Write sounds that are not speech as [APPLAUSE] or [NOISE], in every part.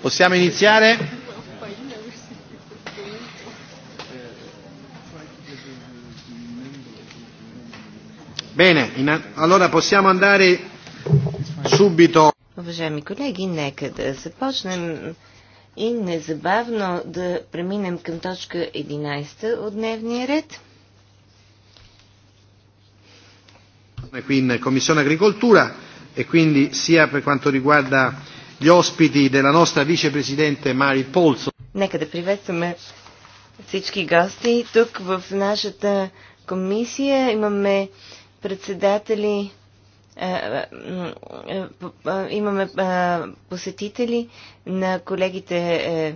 Possiamo iniziare? Bene, in, allora possiamo andare subito. Уважаеми колеги, нека да започнем и незабавно да преминем към точка 11 от дневния ред. Qui in Commissione Agricoltura e quindi sia per quanto riguarda gli ospiti della nostra vicepresidente Mari Polso. Нека да приветстваме всички гости. Тук в нашата комисия имаме председатели, имаме посетители на колегите, е,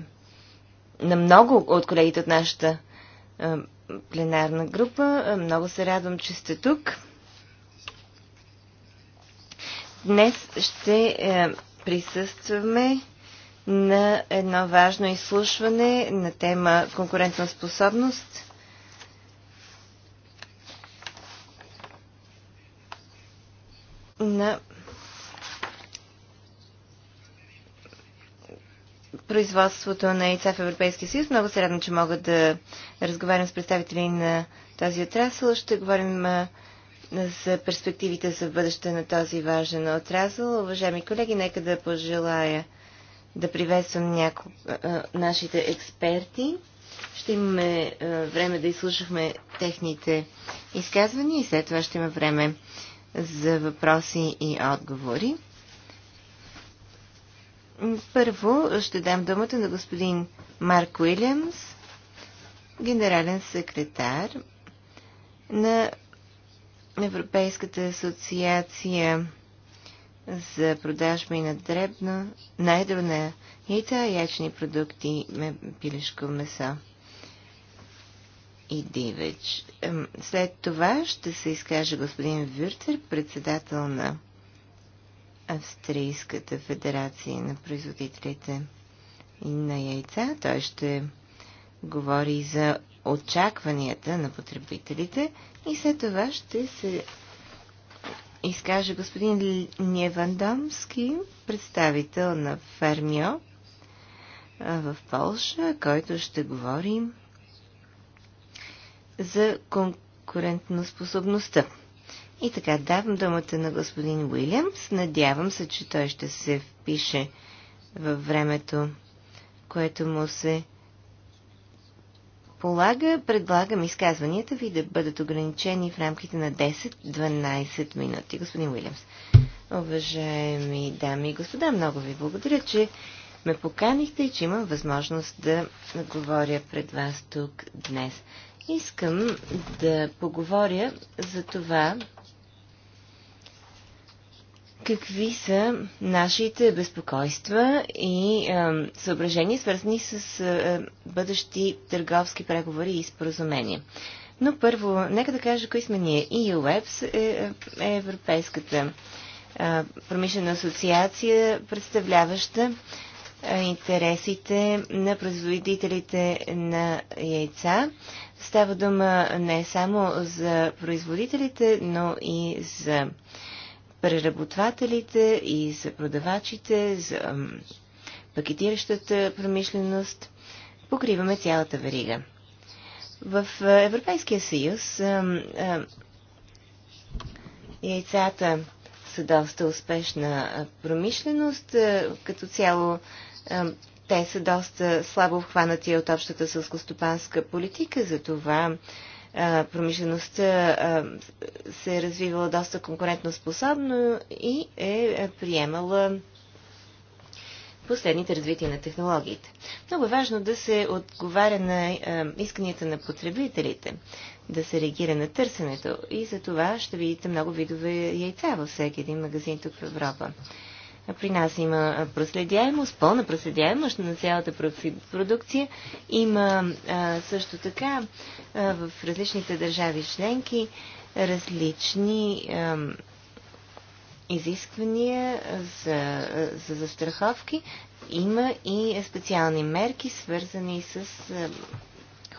на много от колегите от нашата е, пленарна група. Много се радвам, че сте тук. Днес ще е, присъстваме на едно важно изслушване на тема конкурентна способност. на производството на яйца в Европейския съюз. Много се радвам, че мога да разговарям с представители на тази отрасъл. Ще говорим за перспективите за бъдеще на този важен отрасъл. Уважаеми колеги, нека да пожелая да приветствам няко... нашите експерти. Ще имаме време да изслушахме техните изказвания и след това ще има време за въпроси и отговори. Първо ще дам думата на господин Марк Уилямс, генерален секретар на Европейската асоциация за продажби на дребно, най дробна и яйца, ячни продукти, пилешко месо и дивеч. След това ще се изкаже господин Вюртер, председател на Австрийската федерация на производителите на яйца. Той ще говори за очакванията на потребителите и след това ще се изкаже господин Невандомски, представител на Фермио в Полша, който ще говори за конкурентноспособността. И така, давам думата на господин Уилямс. Надявам се, че той ще се впише във времето, което му се полага, предлагам изказванията ви да бъдат ограничени в рамките на 10-12 минути. Господин Уилямс, уважаеми дами и господа, много ви благодаря, че ме поканихте и че имам възможност да говоря пред вас тук днес. Искам да поговоря за това, какви са нашите безпокойства и е, съображения, свързани с е, бъдещи търговски преговори и споразумения. Но първо, нека да кажа кои сме ние. EUWebs е, е Европейската е, промишлена асоциация, представляваща интересите на производителите на яйца. Става дума не само за производителите, но и за преработвателите и за продавачите, за пакетиращата промишленост. Покриваме цялата верига. В Европейския съюз яйцата са доста успешна промишленост. Като цяло те са доста слабо обхванати от общата сълскостопанска политика, затова промишлеността се е развивала доста конкурентно способно и е, е приемала последните развития на технологиите. Много е важно да се отговаря на исканията на потребителите, да се реагира на търсенето и за това ще видите много видове яйца във всеки един магазин тук в Европа. При нас има проследяемост, пълна проследяемост на цялата продукция. Има също така в различните държави членки различни изисквания за, за застраховки. Има и специални мерки, свързани с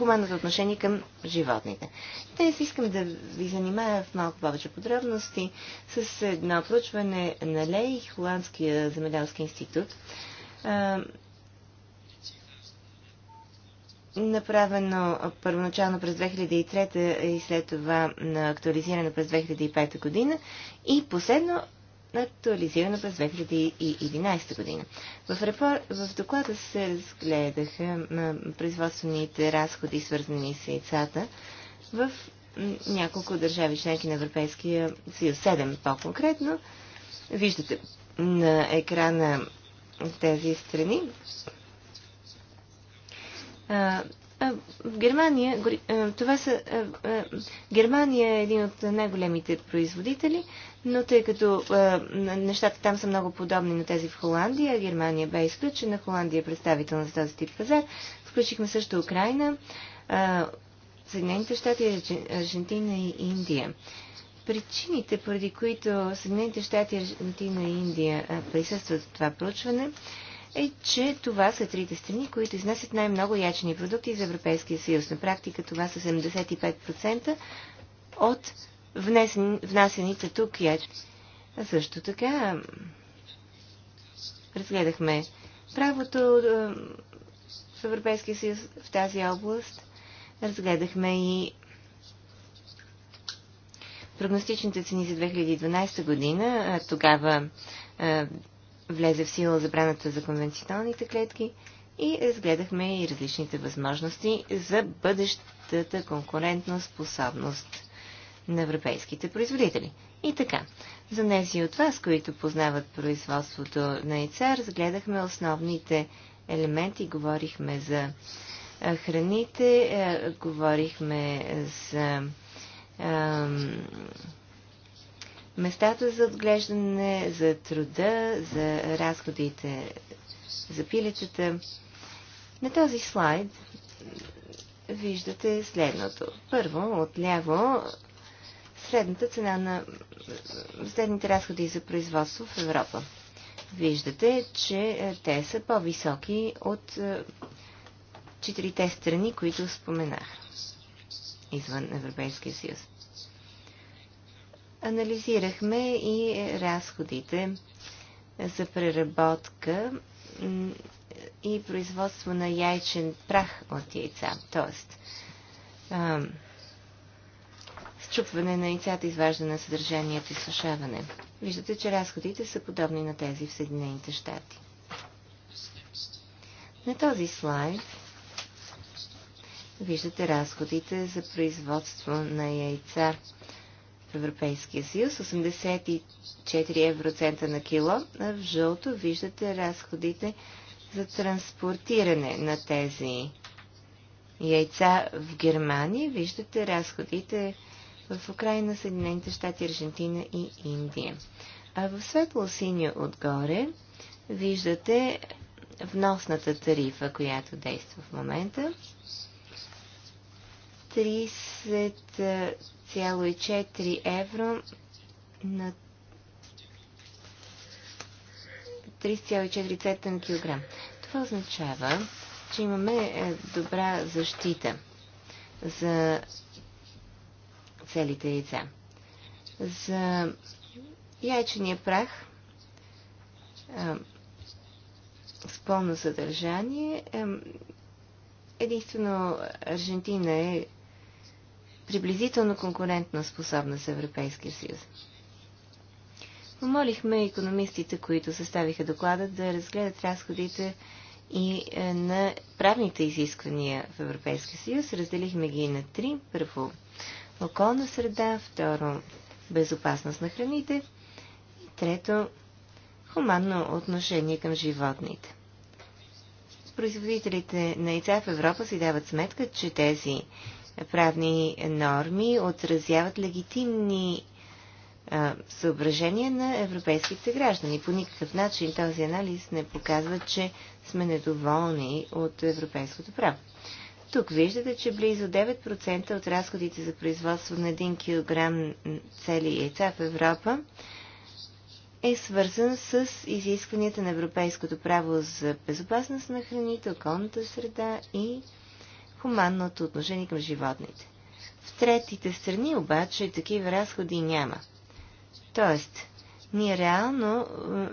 хуманното отношение към животните. Днес искам да ви занимая в малко повече подробности с едно проучване на Лей, Холандския земеделски институт, направено първоначално през 2003 и след това актуализирано през 2005 година и последно актуализирана през 2011 година. В, репор... в доклада се разгледаха производствените разходи, свързани с яйцата, в няколко държави членки на Европейския съюз, 7 по-конкретно. Виждате на екрана тези страни. А, а, в Германия, а, това са, Германия е един от най-големите производители, но тъй като е, нещата там са много подобни на тези в Холандия, Германия бе изключена, Холандия е представителна за този тип пазар, включихме също Украина, е, Съединените щати, Аржентина и Индия. Причините, поради които Съединените щати, Аржентина и Индия присъстват в това проучване, е, че това са трите страни, които изнасят най-много ячни продукти за Европейския съюз. На практика това са 75% от внесен, внасените тук и ето. А също така разгледахме правото в Европейския съюз в тази област. Разгледахме и прогностичните цени за 2012 година. Тогава е, влезе в сила забраната за конвенционалните клетки и разгледахме и различните възможности за бъдещата конкурентна способност на европейските производители. И така, за тези от вас, които познават производството на яйца, разгледахме основните елементи, говорихме за храните, говорихме за местата за отглеждане, за труда, за разходите за пилечета. На този слайд виждате следното. Първо, отляво средната цена на средните разходи за производство в Европа. Виждате, че е, те са по-високи от е, четирите страни, които споменах извън Европейския съюз. Анализирахме и е, разходите за преработка и производство на яйчен прах от яйца. Тоест, щупване на яйцата, изваждане на съдържанието и сушаване. Виждате, че разходите са подобни на тези в Съединените щати. На този слайд виждате разходите за производство на яйца в Европейския съюз. 84 евроцента на кило. В жълто виждате разходите за транспортиране на тези яйца в Германия. Виждате разходите в Украина, Съединените щати, Аржентина и Индия. А в светло синьо отгоре виждате вносната тарифа, която действа в момента. 30,4 евро на 3,4 цента на килограм. Това означава, че имаме е, добра защита за целите яйца. За яйчения прах с пълно съдържание единствено Аржентина е приблизително конкурентно способна с Европейския съюз. Помолихме економистите, които съставиха доклада, да разгледат разходите и е, на правните изисквания в Европейския съюз. Разделихме ги на три. Първо, околна среда, второ безопасност на храните и трето хуманно отношение към животните. Производителите на яйца в Европа си дават сметка, че тези правни норми отразяват легитимни а, съображения на европейските граждани. По никакъв начин този анализ не показва, че сме недоволни от европейското право. Тук виждате, че близо 9% от разходите за производство на 1 кг цели яйца в Европа е свързан с изискванията на европейското право за безопасност на храните, околната среда и хуманното отношение към животните. В третите страни обаче такива разходи няма. Тоест, ние реално е,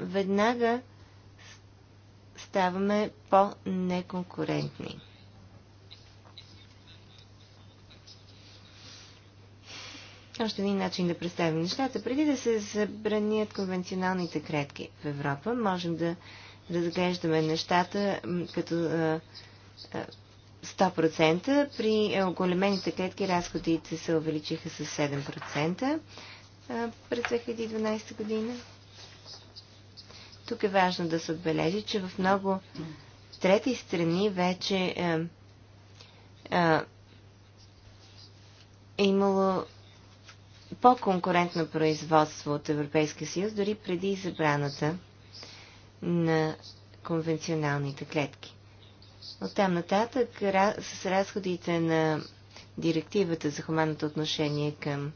веднага ставаме по-неконкурентни. още един начин да представим нещата. Преди да се забранят конвенционалните клетки в Европа, можем да разглеждаме нещата като 100%. При оголемените клетки разходите се увеличиха с 7% през 2012 година. Тук е важно да се отбележи, че в много трети страни вече е, е, е имало по-конкурентно производство от Европейския съюз, дори преди забраната на конвенционалните клетки. Оттам нататък с разходите на директивата за хуманното отношение към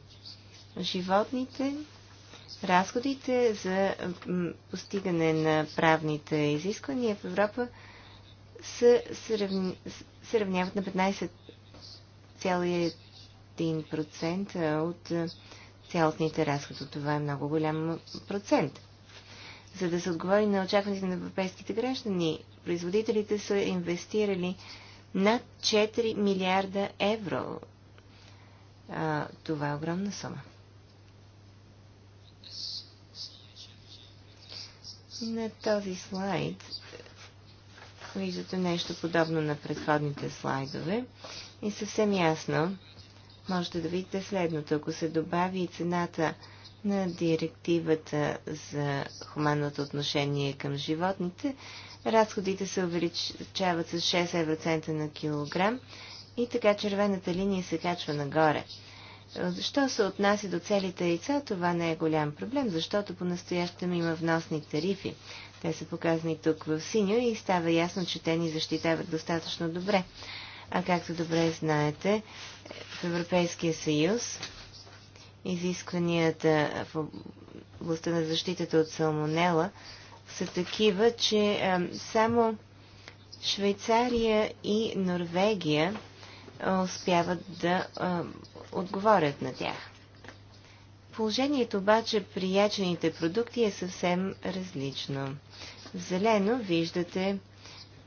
животните, разходите за постигане на правните изисквания в Европа се сравняват на 15,1 1% от цялостните разходи. Това е много голям процент. За да се отговори на очакванията на европейските граждани, производителите са инвестирали над 4 милиарда евро. А, това е огромна сума. На този слайд виждате нещо подобно на предходните слайдове и съвсем ясно можете да видите следното. Ако се добави и цената на директивата за хуманното отношение към животните, разходите се увеличават с 6 евроцента на килограм и така червената линия се качва нагоре. Защо се отнася до целите яйца, това не е голям проблем, защото по-настоящем има вносни тарифи. Те са показани тук в синьо и става ясно, че те ни защитават достатъчно добре. А както добре знаете, в Европейския съюз изискванията в областта на защитата от салмонела са такива, че само Швейцария и Норвегия успяват да отговорят на тях. Положението обаче при ячените продукти е съвсем различно. зелено виждате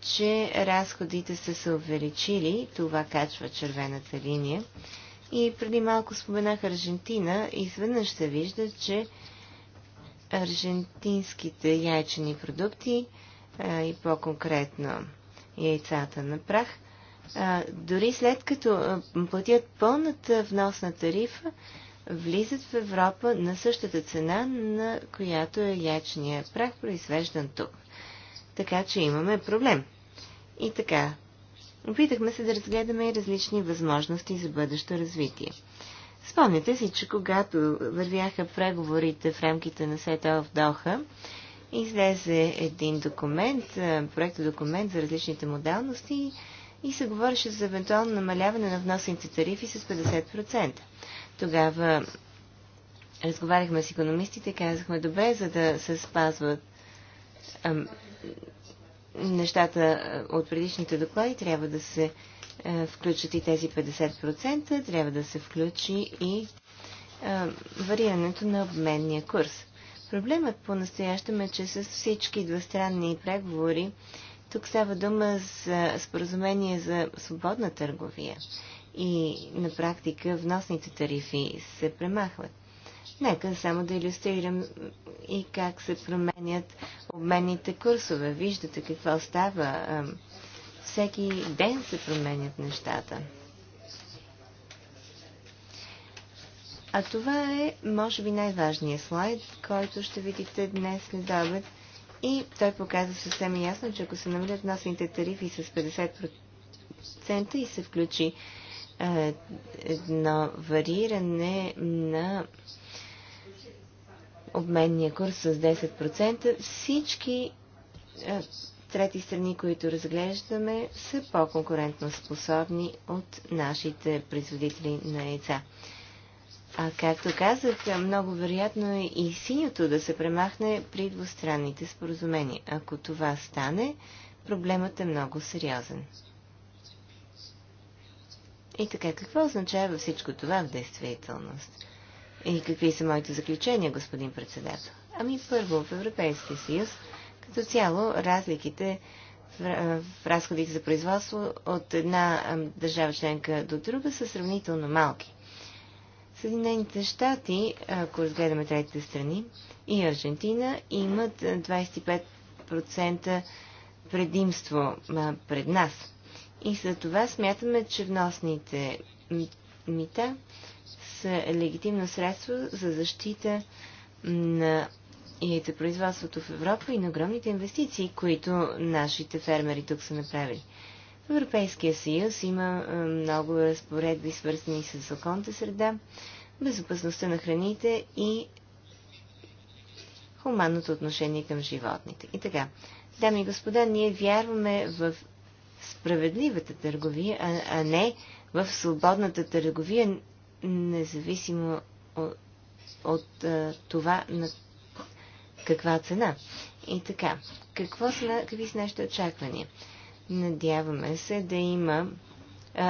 че разходите са се увеличили, това качва червената линия. И преди малко споменах Аржентина, изведнъж се вижда, че аржентинските яйчени продукти а, и по-конкретно яйцата на прах, а, дори след като платят пълната вносна тарифа, влизат в Европа на същата цена, на която е ячния прах, произвеждан тук. Така че имаме проблем. И така, опитахме се да разгледаме и различни възможности за бъдещо развитие. Спомняте си, че когато вървяха преговорите в рамките на СЕТА в Доха, излезе един документ, проект документ за различните модалности и се говореше за евентуално намаляване на вносните тарифи с 50%. Тогава разговаряхме с економистите и казахме, добре, за да се спазват нещата е, от предишните доклади трябва да се е, включат и тези 50%, трябва да се включи и е, варирането на обменния курс. Проблемът по-настоящем е, че с всички двустранни преговори тук става дума за споразумение за свободна търговия и на практика вносните тарифи се премахват. Нека само да иллюстрирам и как се променят обменните курсове. Виждате какво става. Всеки ден се променят нещата. А това е, може би, най-важният слайд, който ще видите днес след обед. И той показва съвсем ясно, че ако се намалят носените тарифи с 50% и се включи е, едно вариране на обменния курс с 10%, всички е, трети страни, които разглеждаме, са по-конкурентно способни от нашите производители на яйца. А както казах, много вероятно е и синьото да се премахне при двустранните споразумения. Ако това стане, проблемът е много сериозен. И така, какво означава всичко това в действителност? И какви са моите заключения, господин председател? Ами първо, в Европейския съюз като цяло разликите в, разходите за производство от една държава членка до друга са сравнително малки. Съединените щати, ако разгледаме третите страни, и Аржентина имат 25% предимство пред нас. И за това смятаме, че вносните мита са легитимно средство за защита на яйцепроизводството в Европа и на огромните инвестиции, които нашите фермери тук са направили. В Европейския съюз има много разпоредби, свързани с околната среда, безопасността на храните и хуманното отношение към животните. И така, дами и господа, ние вярваме в справедливата търговия, а, а не в свободната търговия независимо от, от а, това на каква цена. И така, какво са, какви са нашите очаквания? Надяваме се да има,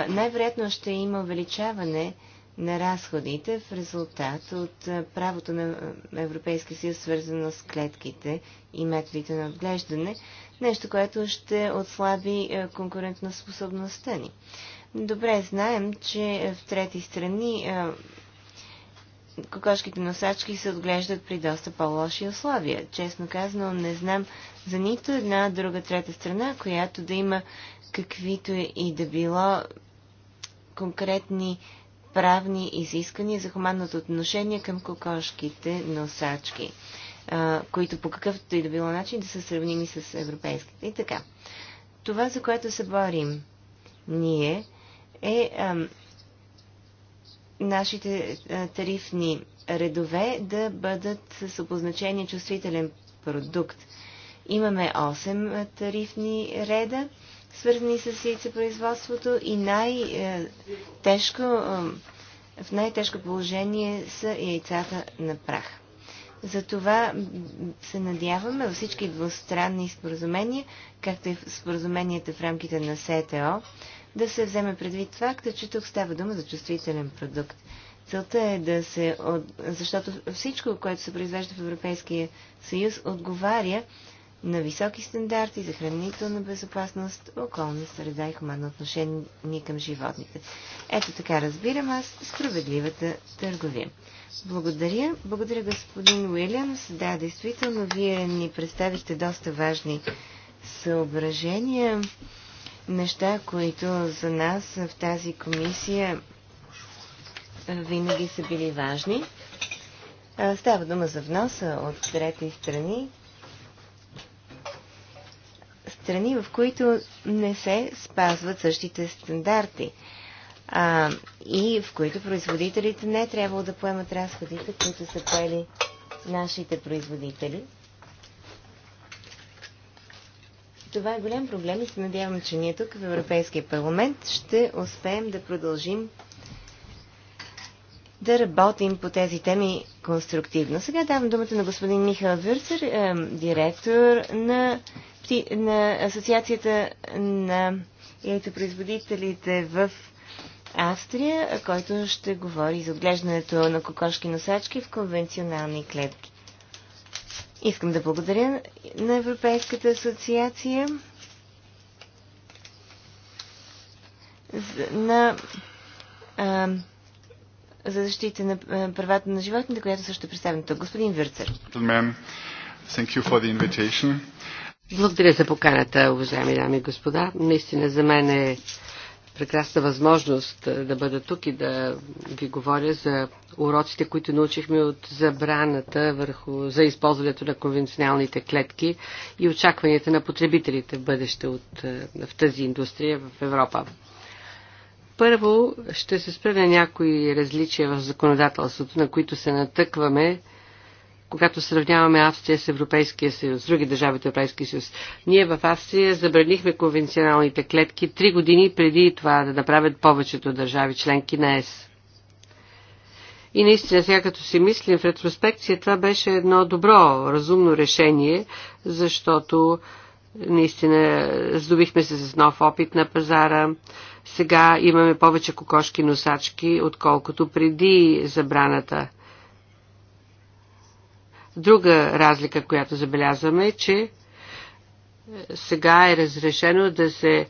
най-вероятно ще има увеличаване на разходите в резултат от правото на Европейския съюз, свързано с клетките и методите на отглеждане, нещо, което ще отслаби конкурентна способността ни. Добре знаем, че в трети страни кокошките носачки се отглеждат при доста по-лоши условия. Честно казано, не знам за нито една друга трета страна, която да има каквито и да било конкретни правни изисквания за хуманното отношение към кокошките носачки, които по какъвто и да било начин да са сравними с европейските. И така. Това, за което се борим ние, е нашите а, тарифни редове да бъдат с обозначение чувствителен продукт. Имаме 8 тарифни реда, свързани с яйцепроизводството и най-тежко, в най-тежко положение са яйцата на прах. Затова се надяваме във всички двустранни споразумения, както и в споразуменията в рамките на СТО, да се вземе предвид факта, че тук става дума за чувствителен продукт. Целта е да се... Защото всичко, което се произвежда в Европейския съюз, отговаря на високи стандарти за хранителна безопасност, околна среда и хуманно отношение към животните. Ето така разбирам аз справедливата търговия. Благодаря. Благодаря господин Уилямс. Да, действително, вие ни представихте доста важни съображения неща, които за нас в тази комисия винаги са били важни. Става дума за вноса от трети страни, страни, в които не се спазват същите стандарти а, и в които производителите не е трябвало да поемат разходите, които са поели нашите производители. Това е голям проблем и се надявам, че ние тук в Европейския парламент ще успеем да продължим да работим по тези теми конструктивно. Сега давам думата на господин Михал Вюрцер, е, директор на, на Асоциацията на яйцепроизводителите в Австрия, който ще говори за отглеждането на кокошки носачки в конвенционални клетки. Искам да благодаря на Европейската асоциация на а, за защита на правата на животните, която също е представена тук. Господин Вирцер. Благодаря за поканата, уважаеми дами и господа. Наистина за мен е прекрасна възможност е, да бъда тук и да ви говоря за уроците, които научихме от забраната върху, за използването на конвенционалните клетки и очакванията на потребителите в бъдеще от, е, в тази индустрия в Европа. Първо ще се спра на някои различия в законодателството, на които се натъкваме когато сравняваме Австрия с Европейския съюз, с други държави от Европейския съюз. Ние в Австрия забранихме конвенционалните клетки три години преди това да направят повечето държави членки на ЕС. И наистина, сега като си мислим в ретроспекция, това беше едно добро, разумно решение, защото наистина здобихме се с нов опит на пазара. Сега имаме повече кокошки носачки, отколкото преди забраната. Друга разлика, която забелязваме е, че е, сега е разрешено да се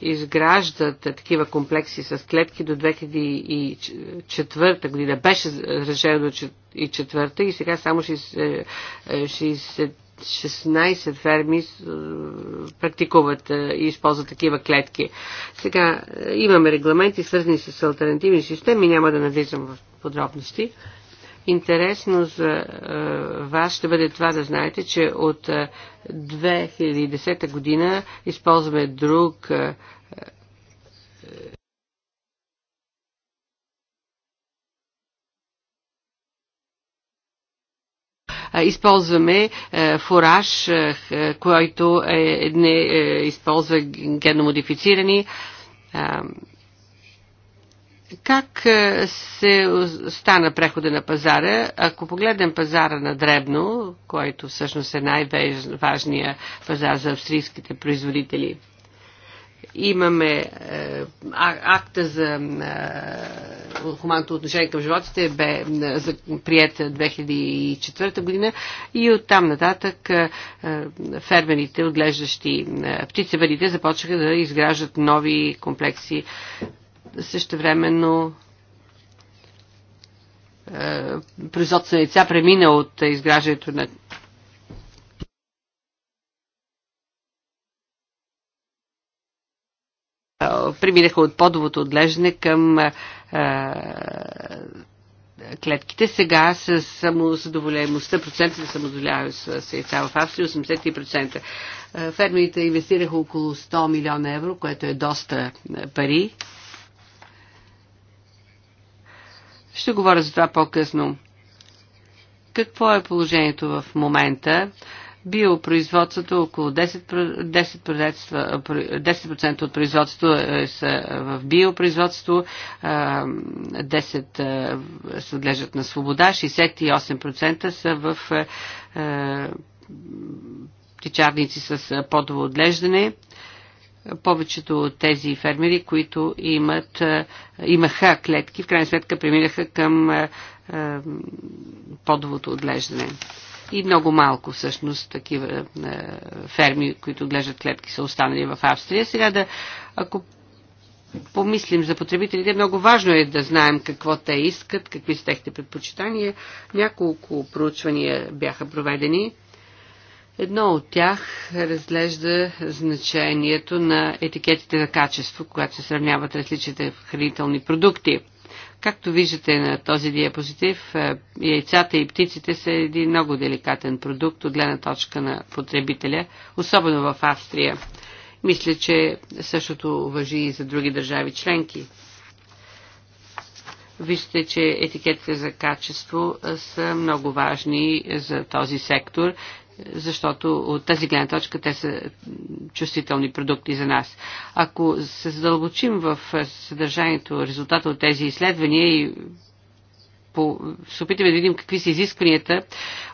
изграждат такива комплекси с клетки до 2004 година. Беше разрешено до 2004 и сега само 16 е, е, ферми практикуват и използват такива клетки. Сега имаме регламенти, свързани с альтернативни системи, няма да навлизам в подробности. Интересно за е, вас ще бъде това да знаете, че от 2010 е, година използваме друг е, използваме фураж, който е, не, използва генномодифицирани как е, се стана прехода на пазара? Ако погледнем пазара на Дребно, който всъщност е най-важният пазар за австрийските производители, имаме е, акта за е, хуманното отношение към животите бе е, прият 2004 година и оттам нататък е, е фермерите, отглеждащи е, птицеварите, започнаха да изграждат нови комплекси Същевременно е, производство на яйца премина от изграждането на преминаха от подовото отглеждане към е, клетките. Сега с самозадоволяемостта, процентът на самозадоволяемост с яйца в Австрия 80%. Е е, фермерите инвестираха около 100 милиона евро, което е доста пари Ще говоря за това по-късно. Какво е положението в момента? Биопроизводството около 10%, 10%, от производството е, са в биопроизводство, 10% се отглеждат на свобода, 68% са в тичарници с подово отглеждане повечето от тези фермери, които имат, е, имаха клетки, в крайна сметка преминаха към е, е, подовото отглеждане. И много малко всъщност такива ферми, които отглеждат клетки, са останали в Австрия. Сега да, ако помислим за потребителите, много важно е да знаем какво те искат, какви са техните предпочитания. Няколко проучвания бяха проведени Едно от тях разглежда значението на етикетите на качество, когато се сравняват различните хранителни продукти. Както виждате на този диапозитив, е, яйцата и птиците са един много деликатен продукт от гледна точка на потребителя, особено в Австрия. Мисля, че същото въжи и за други държави членки. Виждате, че етикетите за качество е, са много важни за този сектор защото от тази гледна точка те са чувствителни продукти за нас. Ако се задълбочим в съдържанието, резултата от тези изследвания и по, се опитаме да видим какви са изискванията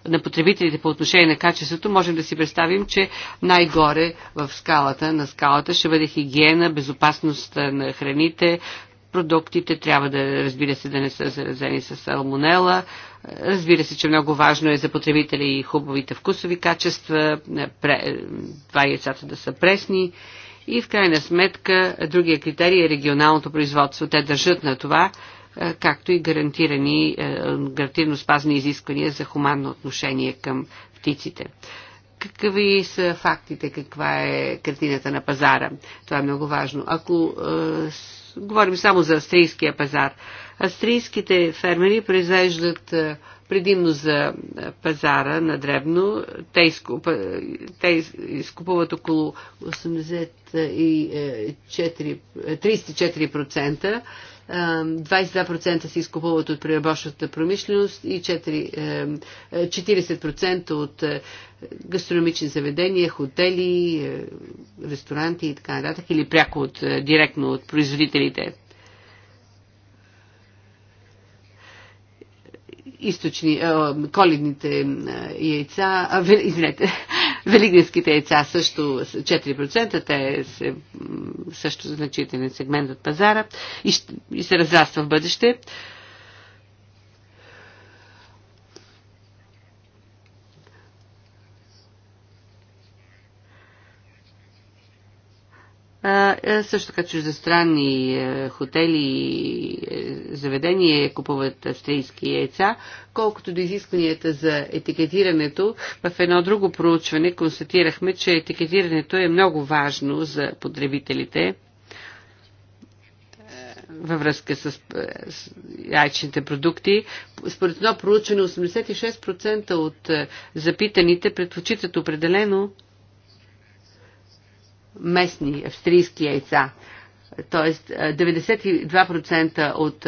на потребителите по отношение на качеството, можем да си представим, че най-горе в скалата, на скалата ще бъде хигиена, безопасност на храните, продуктите трябва да, разбира се, да не са заразени с салмонела. Разбира се, че много важно е за потребители и хубавите вкусови качества, е, е, това яйцата да са пресни. И в крайна сметка, другия критерий е регионалното производство. Те държат на това, е, както и гарантирани, гарантирано спазни изисквания за хуманно отношение към птиците. Какви са фактите, каква е картината на пазара? Това е много важно. Ако Говорим само за австрийския пазар. Австрийските фермери произвеждат е, предимно за пазара на дребно. Те, изкуп, те изкупуват около 84, 34%. 22% се изкупуват от преработващата промишленост и 4, 40% е, е, от е, гастрономични заведения, хотели, ресторанти и така нататък, или пряко от, директно от производителите. източни, а, коледните яйца, а, извинете, [LAUGHS] велигинските яйца също 4%, те са също значителен сегмент от пазара и, и се разраства в бъдеще. също така чуждестранни е, хотели и е, заведения купуват австрийски яйца, колкото до изискванията за етикетирането. В едно друго проучване констатирахме, че етикетирането е много важно за потребителите е, във връзка с яйчните продукти. Според едно проучване 86% от запитаните предпочитат определено местни австрийски яйца. Тоест 92% от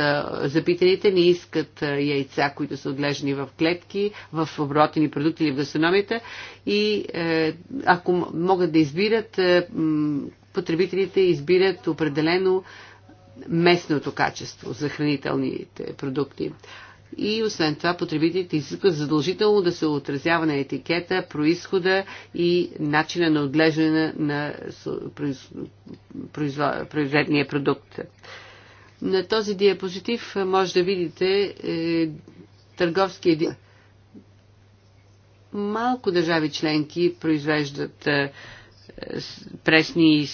запитаните не искат яйца, които са отглеждани в клетки, в оборотени продукти или в гастрономията. И е, ако могат да избират, е, потребителите избират определено местното качество за хранителните продукти и освен това потребителите изискват задължително да се отразява на етикета, происхода и начина на отглеждане на произ... произведения продукт. На този диапозитив може да видите е, търговския ди... Малко държави членки произвеждат е, пресни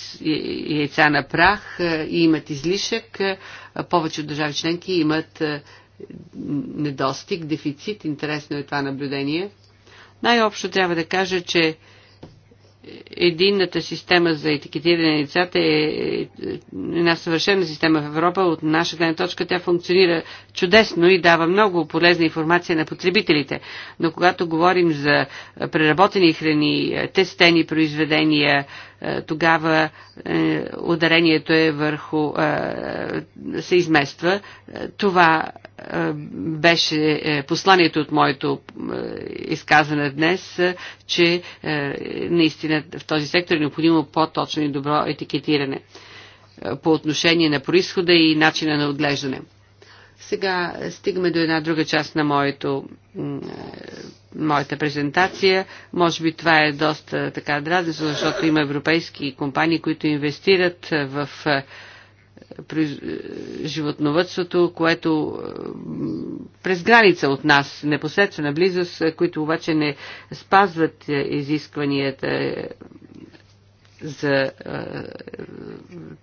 яйца на прах и имат излишък. Повече от държави членки имат недостиг, дефицит. Интересно е това наблюдение. Най-общо трябва да кажа, че единната система за етикетиране на децата е, е една съвършена система в Европа. От наша гледна точка тя функционира чудесно и дава много полезна информация на потребителите. Но когато говорим за преработени храни, тестени произведения, е, тогава е, ударението е върху се измества. Това беше е, посланието от моето е, изказване днес, е, че наистина в този сектор е необходимо по-точно и добро етикетиране по отношение на происхода и начина на отглеждане. Сега стигаме до една друга част на моето, моята презентация. Може би това е доста така дразнещо, защото има европейски компании, които инвестират в при животновътството, което е, през граница от нас, непосредствена близост, е, които обаче не спазват е, изискванията за е,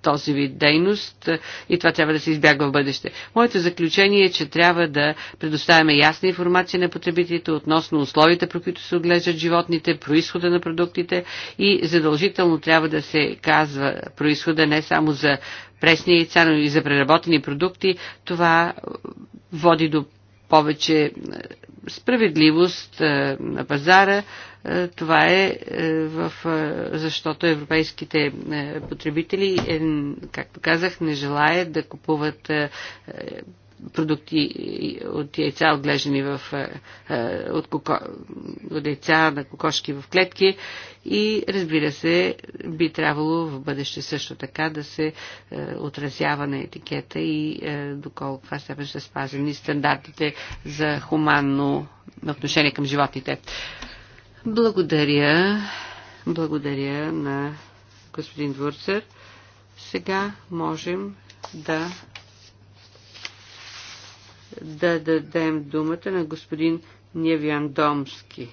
този вид дейност и това трябва да се избягва в бъдеще. Моето заключение е, че трябва да предоставяме ясна информация на потребителите относно условията, при които се отглеждат животните, происхода на продуктите и задължително трябва да се казва происхода не само за пресни яйца, но и за преработени продукти. Това води до повече справедливост е, на пазара. Е, това е, е в, защото европейските потребители, както казах, не желаят да купуват продукти от яйца, отглеждани в, е, е, от, коко, от яйца на кокошки в клетки. И разбира се, би трябвало в бъдеще също така да се е, отразява на етикета и доколко това степен са спазени стандартите за хуманно отношение към животните. Благодаря. Благодаря на господин Вурцер. Сега можем да да дадем думата на господин Невян Домски.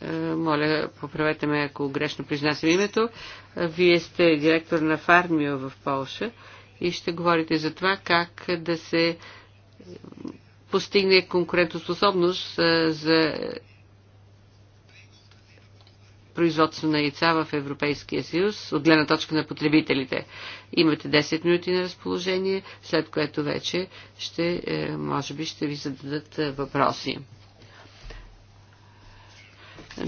Е, моля, поправете ме, ако грешно признася името. Вие сте директор на Фармио в Полша и ще говорите за това как да се постигне конкурентоспособност е, за производство на яйца в Европейския съюз от гледна точка на потребителите. Имате 10 минути на разположение, след което вече ще, е, може би ще ви зададат е, въпроси.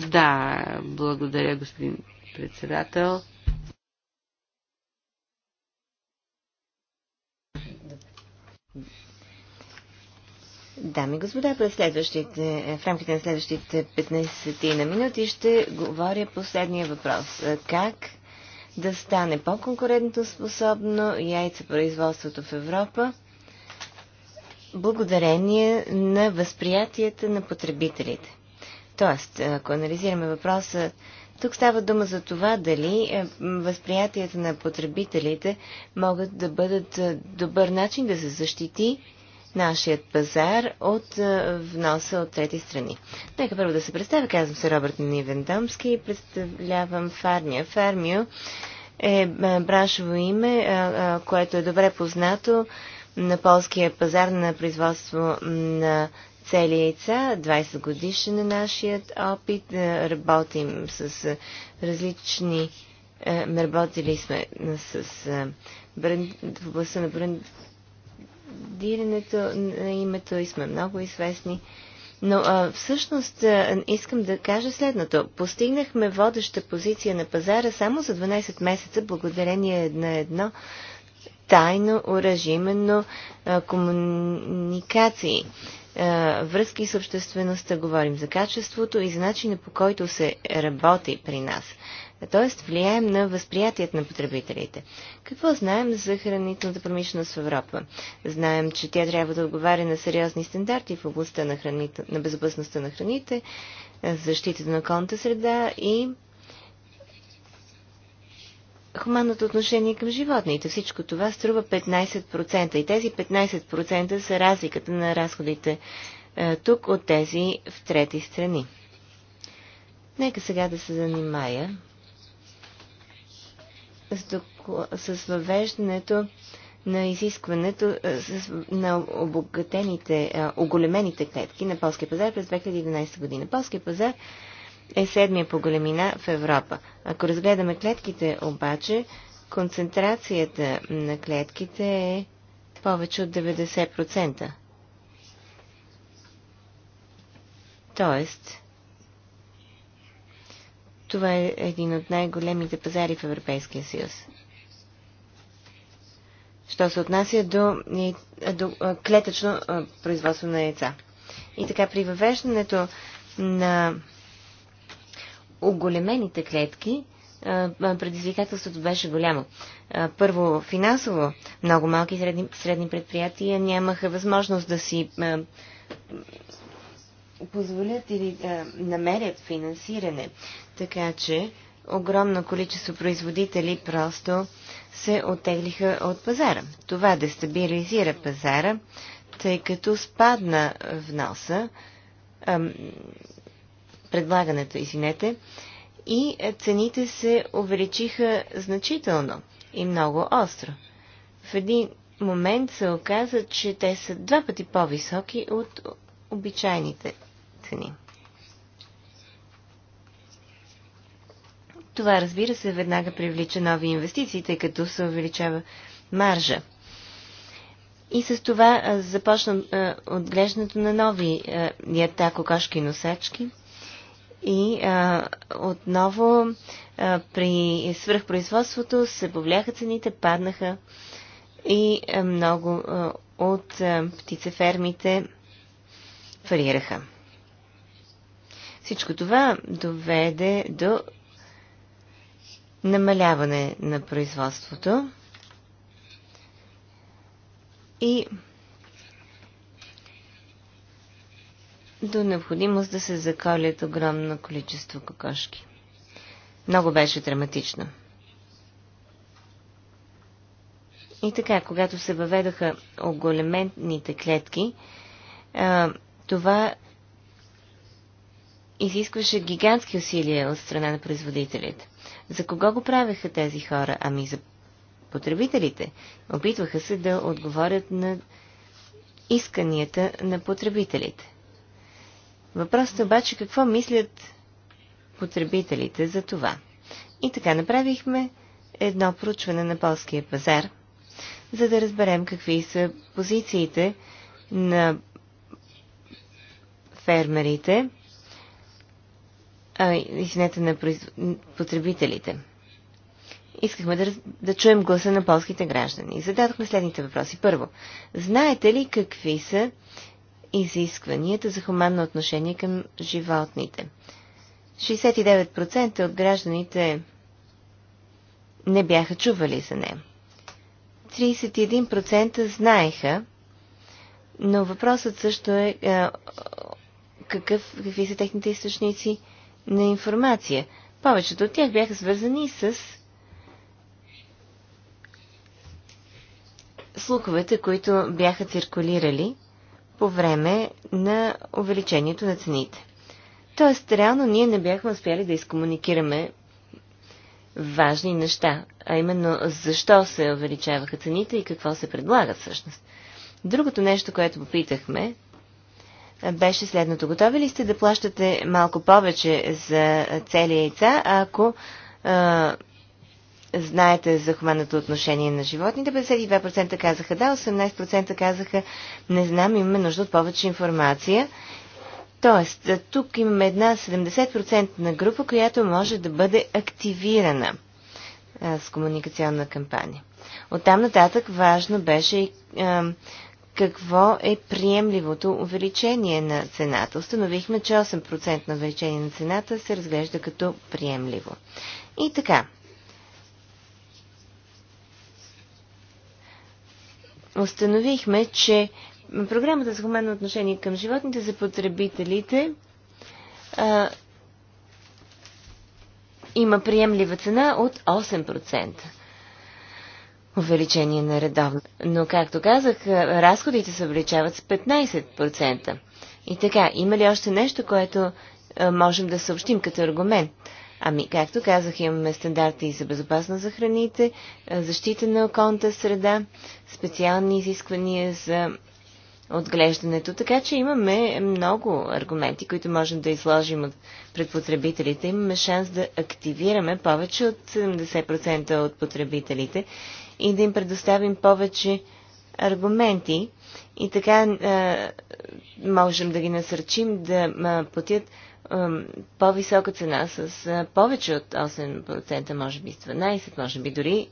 Да, благодаря, господин председател. Thank you. Дами и господа, през следващите, в рамките на следващите 15 на минути ще говоря последния въпрос. Как да стане по-конкурентно способно яйцепроизводството в Европа благодарение на възприятията на потребителите? Тоест, ако анализираме въпроса, тук става дума за това дали е, възприятията на потребителите могат да бъдат е, добър начин да се защити нашият пазар от вноса от трети страни. Нека първо да се представя. Казвам се Робърт Нивендомски и представлявам Фармия. Фармио е брашово име, което е добре познато на полския пазар на производство на цели яйца. 20 годишен е нашият опит. Работим с различни... Работили сме с бренд, в областта на бренд, дирането на името и сме много известни. Но а, всъщност а, искам да кажа следното. Постигнахме водеща позиция на пазара само за 12 месеца, благодарение на едно тайно а, комуникации. А, връзки с обществеността говорим за качеството и за начина по който се работи при нас. Т.е. влияем на възприятието на потребителите. Какво знаем за хранителната промишленост в Европа? Знаем, че тя трябва да отговаря на сериозни стандарти в областта на, храните, на безопасността на храните, защитата на околната среда и хуманното отношение към животните. Всичко това струва 15% и тези 15% са разликата на разходите е, тук от тези в трети страни. Нека сега да се занимая с, с въвеждането на изискването е, на обогатените, е, оголемените клетки на полския пазар през 2011 година. Полския пазар е седмия по големина в Европа. Ако разгледаме клетките обаче, концентрацията на клетките е повече от 90%. Тоест, това е един от най-големите пазари в Европейския съюз. Що се отнася до, до клетъчно производство на яйца. И така при въвеждането на оголемените клетки, предизвикателството беше голямо. Първо, финансово, много малки и средни, средни предприятия нямаха възможност да си позволят или а, е, намерят финансиране. Така че огромно количество производители просто се отеглиха от пазара. Това дестабилизира пазара, тъй като спадна вноса, ам, предлагането, извинете, и е, цените се увеличиха значително и много остро. В един момент се оказа, че те са два пъти по-високи от обичайните цени. Това, разбира се, веднага привлича нови инвестиции, тъй като се увеличава маржа. И с това започна отглеждането на нови ята, кокошки и носачки. И а, отново а, при свръхпроизводството се повляха цените, паднаха и а, много а, от а, птицефермите фалираха. Всичко това доведе до намаляване на производството и до необходимост да се заколят огромно количество кокошки. Много беше драматично. И така, когато се въведаха оголеменните клетки, това изискваше гигантски усилия от страна на производителите. За кого го правеха тези хора? Ами за потребителите. Опитваха се да отговорят на исканията на потребителите. Въпросът е обаче какво мислят потребителите за това. И така направихме едно проучване на полския пазар, за да разберем какви са позициите на фермерите, а, извинете, на произ... потребителите. Искахме да, да чуем гласа на полските граждани. Зададохме следните въпроси. Първо, знаете ли какви са изискванията за хуманно отношение към животните? 69% от гражданите не бяха чували за нея. 31% знаеха, но въпросът също е, е какъв, какви са техните източници на информация. Повечето от тях бяха свързани с слуховете, които бяха циркулирали по време на увеличението на цените. Тоест, реално ние не бяхме успяли да изкомуникираме важни неща, а именно защо се увеличаваха цените и какво се предлага всъщност. Другото нещо, което попитахме, беше следното. Готови ли сте да плащате малко повече за цели яйца, ако а, знаете за хуманното отношение на животните? 52% казаха да, 18% казаха не знам, имаме нужда от повече информация. Тоест, тук имаме една 70% на група, която може да бъде активирана а, с комуникационна кампания. Оттам нататък важно беше и а, какво е приемливото увеличение на цената. Установихме, че 8% на увеличение на цената се разглежда като приемливо. И така. Установихме, че програмата за хуманно отношение към животните за потребителите а, има приемлива цена от 8% увеличение на редовно. Но, както казах, разходите се увеличават с 15%. И така, има ли още нещо, което е, можем да съобщим като аргумент? Ами, както казах, имаме стандарти за безопасност за храните, е, защита на околната среда, специални изисквания за отглеждането, така че имаме много аргументи, които можем да изложим от предпотребителите. Имаме шанс да активираме повече от 70% от потребителите и да им предоставим повече аргументи. И така а, е, можем да ги насърчим да е, платят е, по-висока цена с а, повече от 8%, може би с 12%, може би дори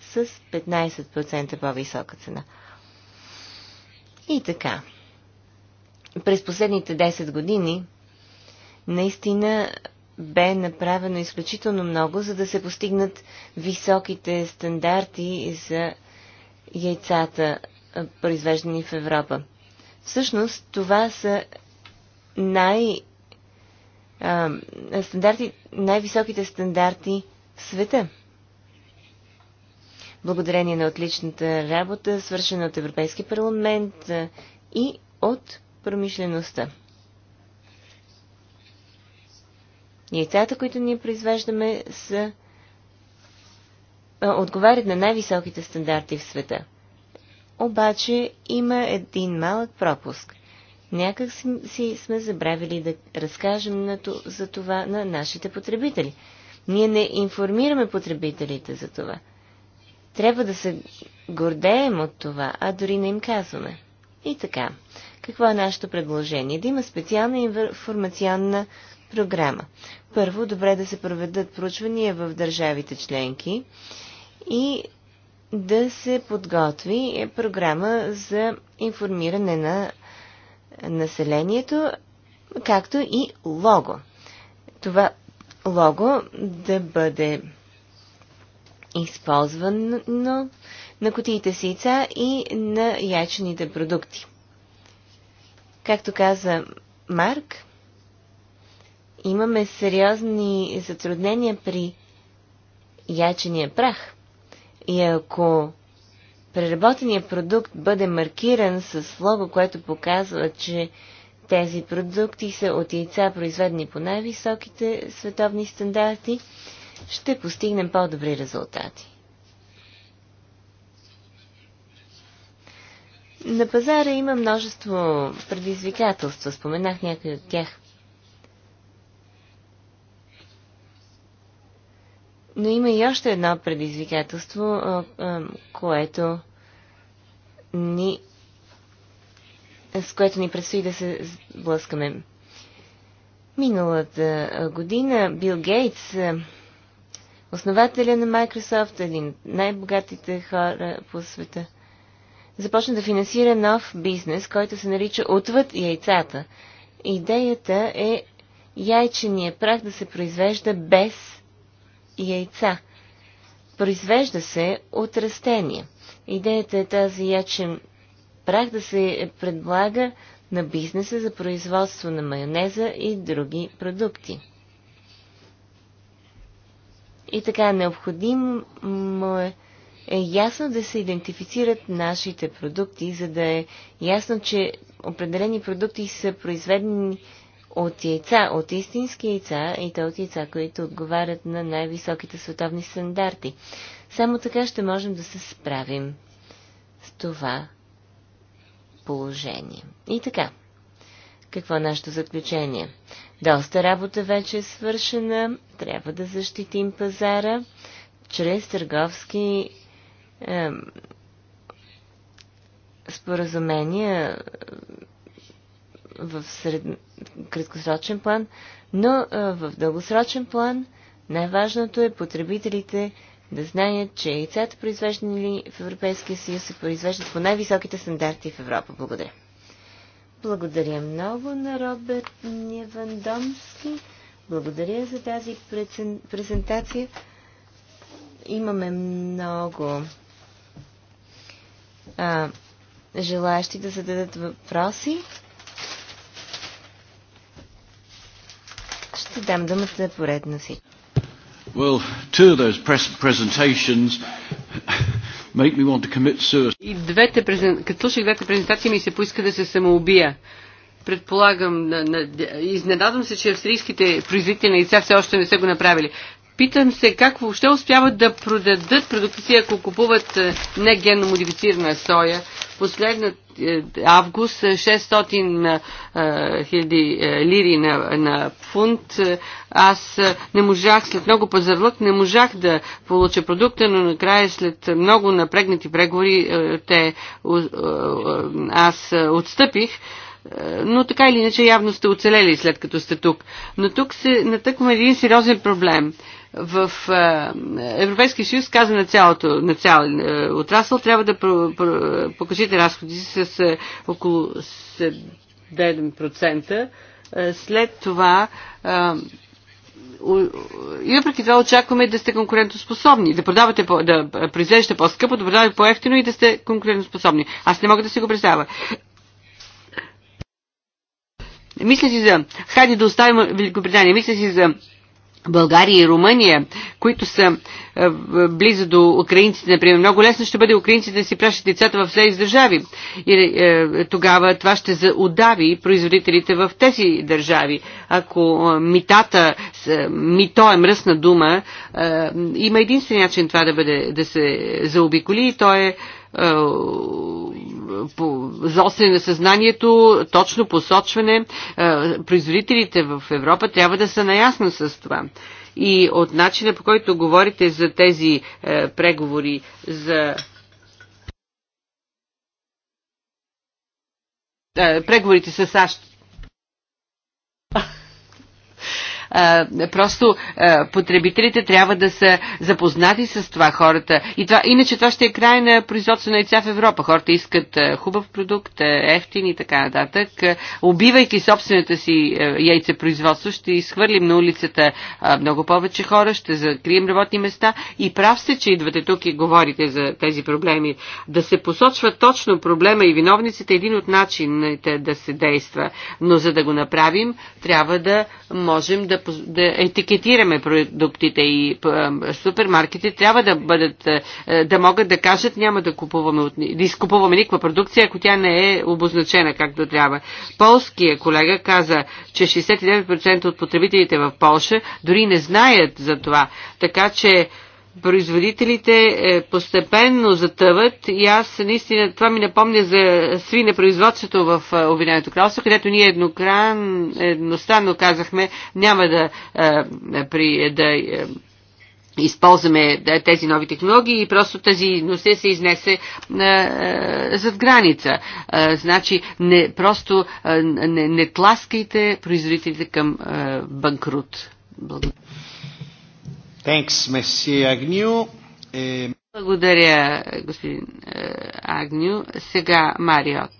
с 15% по-висока цена. И така. През последните 10 години наистина бе направено изключително много, за да се постигнат високите стандарти за яйцата, произвеждани в Европа. Всъщност, това са най- стандарти, най-високите стандарти в света. Благодарение на отличната работа, свършена от Европейски парламент и от промишлеността. Яйцата, които ние произвеждаме, са, отговарят на най-високите стандарти в света. Обаче има един малък пропуск. Някак си сме забравили да разкажем на то, за това на нашите потребители. Ние не информираме потребителите за това. Трябва да се гордеем от това, а дори не им казваме. И така, какво е нашето предложение? Да има специална информационна програма. Първо, добре да се проведат проучвания в държавите членки и да се подготви програма за информиране на населението, както и лого. Това лого да бъде използвано на котиите с яйца и на ячените продукти. Както каза Марк, имаме сериозни затруднения при ячения прах. И ако преработеният продукт бъде маркиран с лого, което показва, че тези продукти са от яйца, произведени по най-високите световни стандарти, ще постигнем по-добри резултати. На пазара има множество предизвикателства, споменах някои от тях. Но има и още едно предизвикателство, което ни, с което ни предстои да се сблъскаме. Миналата година Бил Гейтс, основателя на Microsoft, един от най-богатите хора по света, започна да финансира нов бизнес, който се нарича Отвъд яйцата. Идеята е яйчения прах да се произвежда без яйца. Произвежда се от растения. Идеята е тази ячен прах да се предлага на бизнеса за производство на майонеза и други продукти. И така необходимо е, е ясно да се идентифицират нашите продукти, за да е ясно, че определени продукти са произведени от яйца, от истински яйца и то от яйца, които отговарят на най-високите световни стандарти. Само така ще можем да се справим с това положение. И така, какво е нашето заключение? Доста работа вече е свършена, трябва да защитим пазара чрез търговски е, споразумения в сред... краткосрочен план, но в дългосрочен план най-важното е потребителите да знаят, че яйцата, произвеждани в Европейския съюз, се произвеждат по най-високите стандарти в Европа. Благодаря. Благодаря много на Роберт Невандомски. Благодаря за тази презентация. Имаме много а, желаящи да зададат въпроси. ще дам думата да поредно си. Well, two of those presentations make me want to commit suicide. И двете, презен... като слушах двете презентации ми се поиска да се самоубия предполагам, на, на, изненадвам се, че австрийските производители на яйца все още не са го направили. Питам се как въобще успяват да продадат продукти, ако купуват е, негенно модифицирана соя последният е, август 600 е, е, хиляди лири на, на фунт. Аз не можах, след много пазарлък, не можах да получа продукта, но накрая след много напрегнати преговори те, аз отстъпих но така или иначе явно сте оцелели след като сте тук. Но тук се натъкваме един сериозен проблем в е, Европейския съюз каза на, цялото, на цял е, отрасъл, трябва да покажите разходи с е, около 7%. След това и въпреки това очакваме да сте конкурентоспособни, да продавате, по, да произвеждате по-скъпо, да продавате по-ефтино и да сте конкурентоспособни. Аз не мога да си го представя. Мисля си за... Хайде да оставим Великобритания. Мисля си за България и Румъния, които са е, близо до украинците, например, много лесно ще бъде украинците да си пращат децата в тези държави. И е, тогава това ще удави производителите в тези държави. Ако е, митата, е, мито е мръсна дума, е, има единствен начин това да, бъде, да се заобиколи и то е е, по заостряне на съзнанието, точно посочване. Е, производителите в Европа трябва да са наясно с това. И от начина по който говорите за тези е, преговори за преговорите с САЩ. Просто потребителите трябва да са запознати с това хората. И това, иначе това ще е край на производство на яйца в Европа. Хората искат хубав продукт, ефтин и така нататък. Убивайки собствената си яйцепроизводство, ще изхвърлим на улицата много повече хора, ще закрием работни места. И прав сте, че идвате тук и говорите за тези проблеми. Да се посочва точно проблема и виновниците е един от начините да се действа. Но за да го направим, трябва да можем да да, етикетираме продуктите и супермаркети трябва да бъдат, е, е, да могат да кажат няма да купуваме, да изкупуваме никаква продукция, ако тя не е обозначена както трябва. Полския колега каза, че 69% от потребителите в Полша дори не знаят за това. Така че производителите е, постепенно затъват и аз наистина това ми напомня за свинепроизводството в е, Обединеното кралство, където ние еднокран, едностранно казахме няма да, е, при, да използваме тези нови технологии и просто тази носе се изнесе а, зад граница. А, значи, не, просто а, не, не тласкайте производителите към а, банкрут. Благодаря. Благодаря, господин е, Агню. Сега Мариот.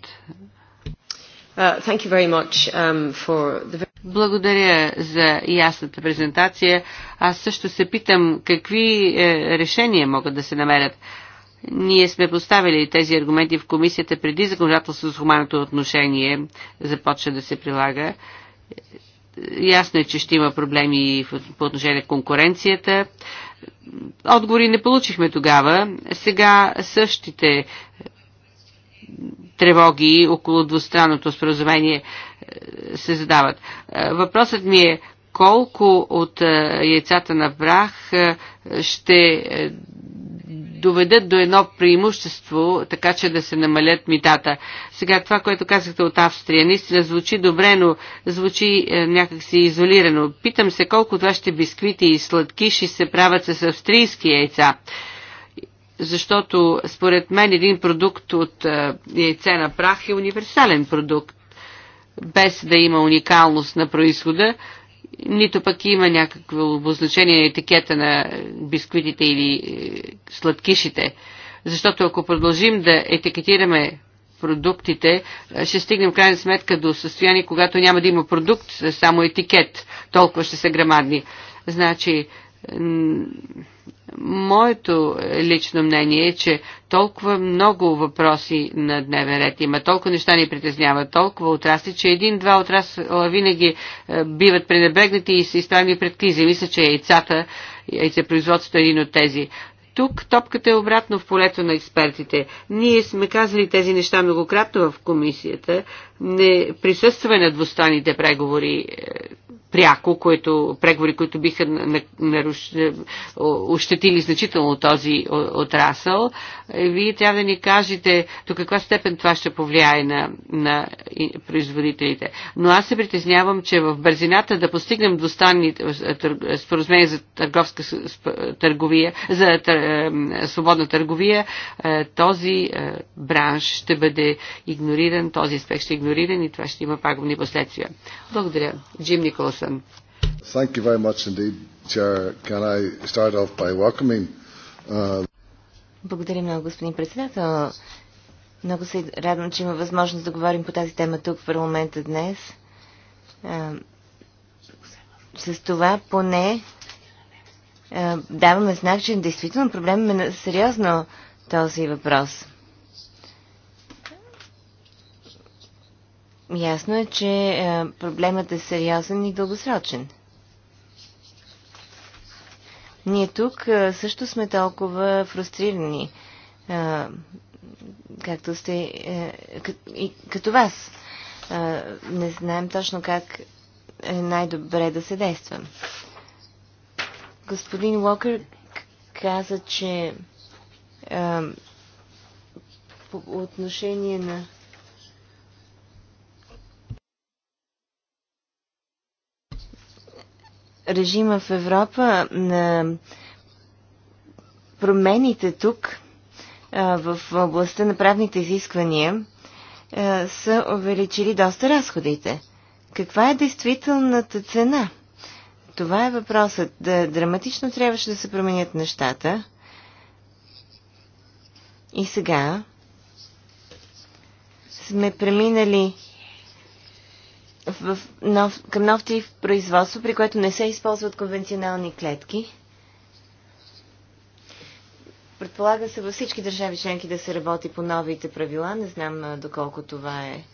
Uh, um, Благодаря за ясната презентация. Аз също се питам какви е, решения могат да се намерят. Ние сме поставили тези аргументи в комисията преди законодателството с хуманното отношение започва да се прилага Ясно е, че ще има проблеми по отношение на конкуренцията. Отговори не получихме тогава. Сега същите тревоги около двустранното споразумение е, се задават. Е, въпросът ми е колко от е, яйцата на прах ще доведат до едно преимущество, така че да се намалят митата. Сега това, което казахте от Австрия, наистина звучи добре, но звучи е, някакси изолирано. Питам се колко това ще бисквити и сладкиши се правят с австрийски яйца. Защото според мен един продукт от е, яйце на прах е универсален продукт без да има уникалност на происхода, нито пък има някакво обозначение на етикета на бисквитите или е, сладкишите. Защото ако продължим да етикетираме продуктите, е, ще стигнем в крайна сметка до състояние, когато няма да има продукт, е, само етикет. Толкова ще са грамадни. Значи, Моето лично мнение е, че толкова много въпроси на дневен ред има, толкова неща ни притеснява, толкова отрасли, че един-два отрасла винаги е, биват пренебрегнати и се изправени пред кризи. Мисля, че яйцата, яйцепроизводството е един от тези. Тук топката е обратно в полето на експертите. Ние сме казали тези неща многократно в комисията. Не присъстваме на двустранните преговори е, пряко, които, преговори, които биха наруш... Е, ощетили значително този отрасъл. Е, вие трябва да ни кажете до каква степен това ще повлияе на, на производителите. Но аз се притеснявам, че в бързината да постигнем двустранни е, споразумения за търговска търговия, за тър... свободна търговия, този бранш ще бъде игнориран, този аспект ще е игнориран и това ще има пагубни последствия. Благодаря. Джим Николас. Nielsen. Thank you very much indeed, Chair. Can I start off by welcoming uh, Благодаря много, господин председател. Много се радвам, че има възможност да говорим по тази тема тук в парламента днес. с това поне даваме знак, че действително проблемът е сериозно този въпрос. Ясно е, че е, проблемът е сериозен и дългосрочен. Ние тук е, също сме толкова фрустрирани, е, както сте и като вас. Не знаем точно как е най-добре да се действа. Господин Уокър каза, че по отношение на режима в Европа, на промените тук в областта на правните изисквания са увеличили доста разходите. Каква е действителната цена? Това е въпросът. Да, драматично трябваше да се променят нещата. И сега сме преминали в нов, към нов тип производство, при което не се използват конвенционални клетки. Предполага се във всички държави членки да се работи по новите правила. Не знам доколко това е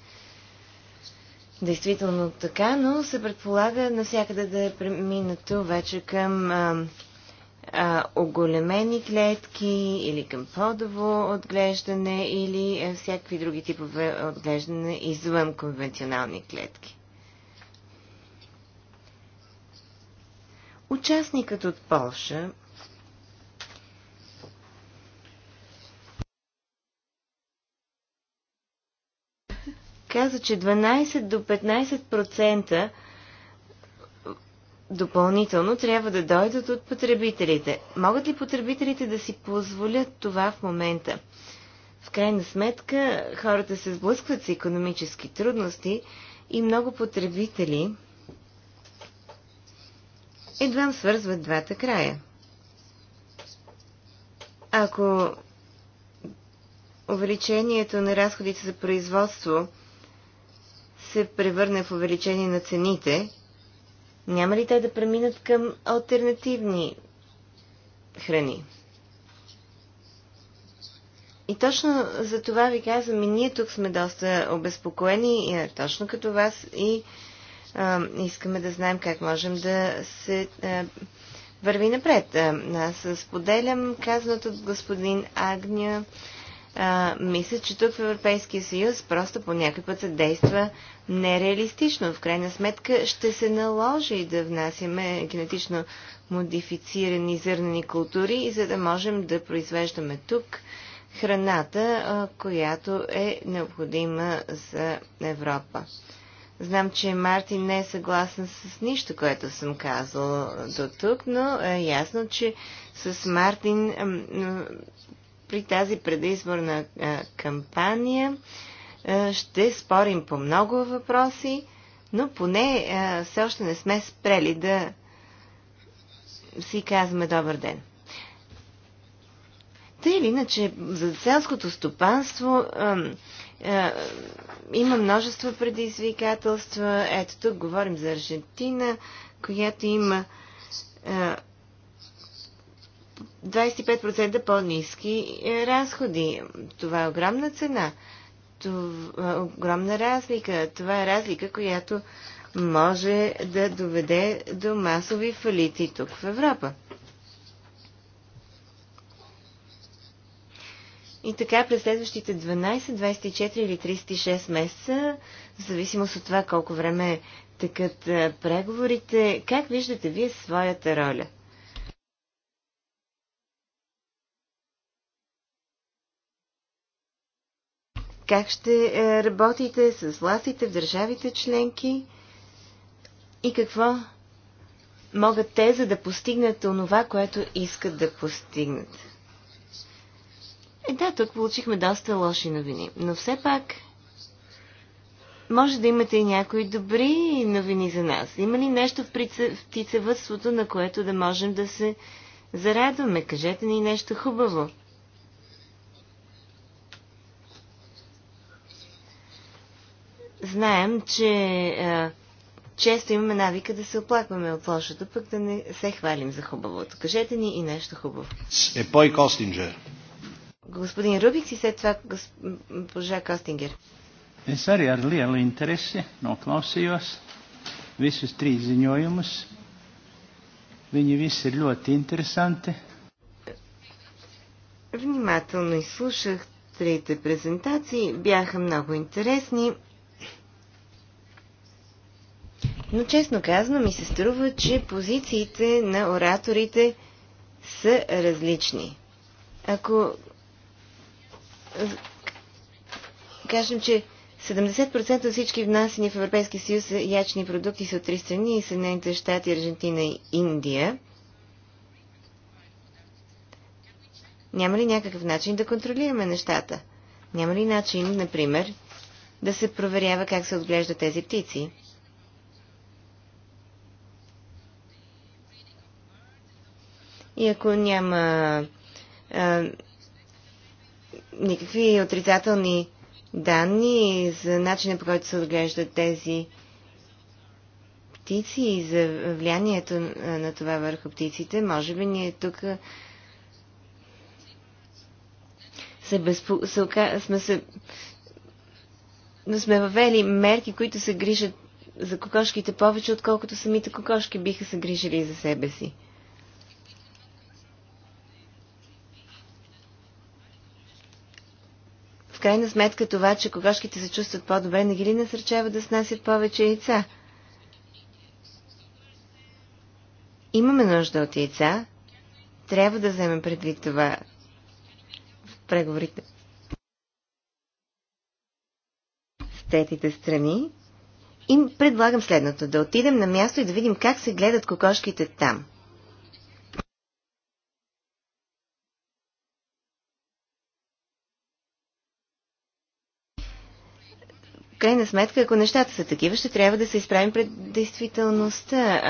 действително така, но се предполага навсякъде да е преминато вече към а, а, оголемени клетки или към подово отглеждане или всякакви други типове отглеждане извън конвенционални клетки. Участникът от Полша каза, че 12 до 15% допълнително трябва да дойдат от потребителите. Могат ли потребителите да си позволят това в момента? В крайна сметка хората се сблъскват с економически трудности и много потребители едвам свързват двата края. Ако увеличението на разходите за производство се превърне в увеличение на цените, няма ли те да преминат към альтернативни храни? И точно за това ви казвам, и ние тук сме доста обезпокоени, точно като вас, и искаме да знаем как можем да се върви напред. Аз споделям казаното от господин Агня. мисля, че тук в Европейския съюз просто по някой път се действа нереалистично. В крайна сметка ще се наложи да внасяме генетично модифицирани зърнени култури, за да можем да произвеждаме тук храната, която е необходима за Европа. Знам, че Мартин не е съгласен с нищо, което съм казал до тук, но е ясно, че с Мартин при тази предизборна кампания ще спорим по много въпроси, но поне все още не сме спрели да си казваме добър ден. Тъй или иначе, за селското стопанство е, има множество предизвикателства. Ето тук говорим за Аржентина, която има 25% е, по-низки е, разходи. Това е огромна цена. Това е огромна разлика. Това е разлика, която може да доведе до масови фалити тук в Европа. И така през следващите 12, 24 или 36 месеца, в зависимост от това колко време тъкат преговорите, как виждате вие своята роля? Как ще работите с властите в държавите членки? И какво могат те, за да постигнат онова, което искат да постигнат? Е, да, тук получихме доста лоши новини, но все пак може да имате и някои добри новини за нас. Има ли нещо в птицевътството, на което да можем да се зарадваме? Кажете ни нещо хубаво. Знаем, че а, често имаме навика да се оплакваме от лошото, пък да не се хвалим за хубавото. Кажете ни и нещо хубаво. Епой Костинджер господин Рубикс и след това госпожа Костингер. Es arī ar lielu Внимателно изслушах трите презентации. Бяха много интересни. Но честно казано ми се струва, че позициите на ораторите са различни. Ако кажем, че 70% от всички внасени в Европейския съюз ячни продукти са от три страни и Съединените щати, Аржентина и Индия. Няма ли някакъв начин да контролираме нещата? Няма ли начин, например, да се проверява как се отглеждат тези птици? И ако няма а, никакви отрицателни данни за начина по който се отглеждат тези птици и за влиянието на това върху птиците. Може би ние тук се безпо... се ока... сме се но сме въвели мерки, които се грижат за кокошките повече, отколкото самите кокошки биха се грижили за себе си. крайна сметка това, че кокошките се чувстват по-добре, не ги ли насърчава да снасят повече яйца? Имаме нужда от яйца. Трябва да вземем предвид това в преговорите с третите страни. Им предлагам следното. Да отидем на място и да видим как се гледат кокошките там. крайна сметка, ако нещата са такива, ще трябва да се изправим пред действителността.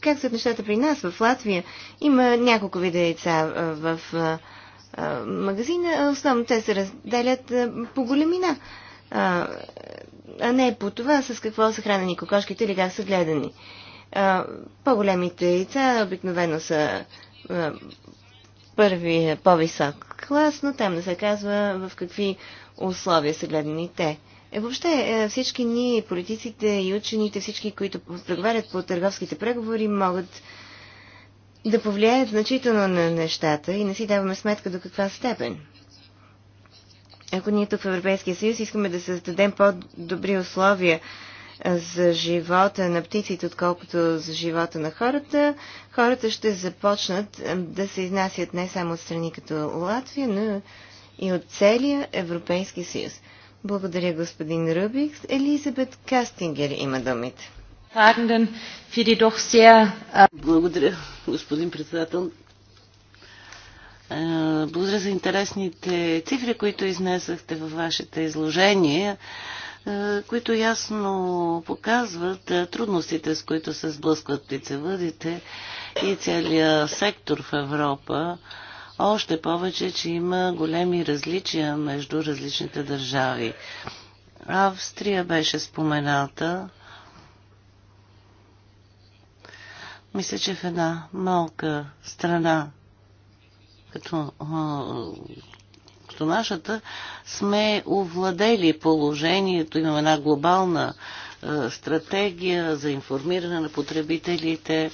Как са нещата при нас в Латвия? Има няколко вида яйца в магазина. Основно те се разделят по големина, а не по това с какво са хранени кокошките или как са гледани. По-големите яйца обикновено са първи по-висок клас, но там не се казва в какви условия са гледани те. Е, Въобще е, всички ние, политиците и учените, всички, които преговарят по търговските преговори, могат да повлияят значително на нещата и не си даваме сметка до каква степен. Ако ние тук в Европейския съюз искаме да създадем по-добри условия е, за живота на птиците, отколкото за живота на хората, хората ще започнат е, да се изнасят не само от страни като Латвия, но и от целия Европейски съюз. Благодаря, господин Рубикс. Елизабет Кастингер има думите. Благодаря, господин председател. Благодаря за интересните цифри, които изнесахте във вашите изложения, които ясно показват трудностите, с които се сблъскват птицевъдите и целият сектор в Европа още повече, че има големи различия между различните държави. Австрия беше спомената. Мисля, че в една малка страна, като, като нашата, сме овладели положението. Имаме една глобална стратегия за информиране на потребителите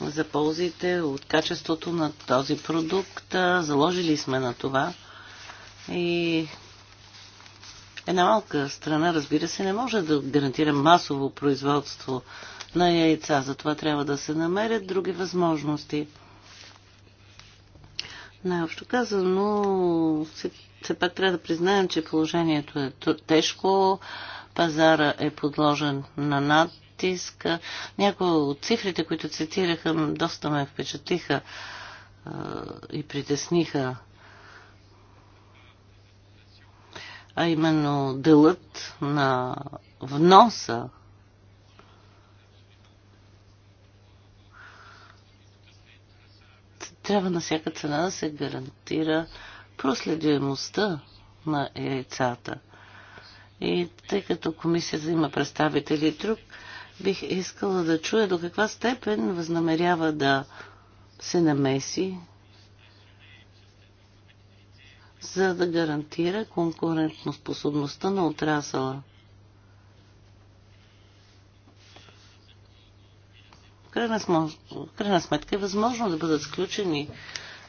за ползите от качеството на този продукт. Заложили сме на това и една малка страна, разбира се, не може да гарантира масово производство на яйца. Затова трябва да се намерят други възможности. Най-общо казано, все, все пак трябва да признаем, че положението е тежко. Пазара е подложен на над натиска. Някои от цифрите, които цитираха, доста ме впечатлиха и притесниха. А именно делът на вноса трябва на всяка цена да се гарантира проследимостта на яйцата. И тъй като комисията има представители друг, Бих искала да чуя до каква степен възнамерява да се намеси, за да гарантира конкурентоспособността на отрасъла. крайна, крайна сметка е възможно да бъдат сключени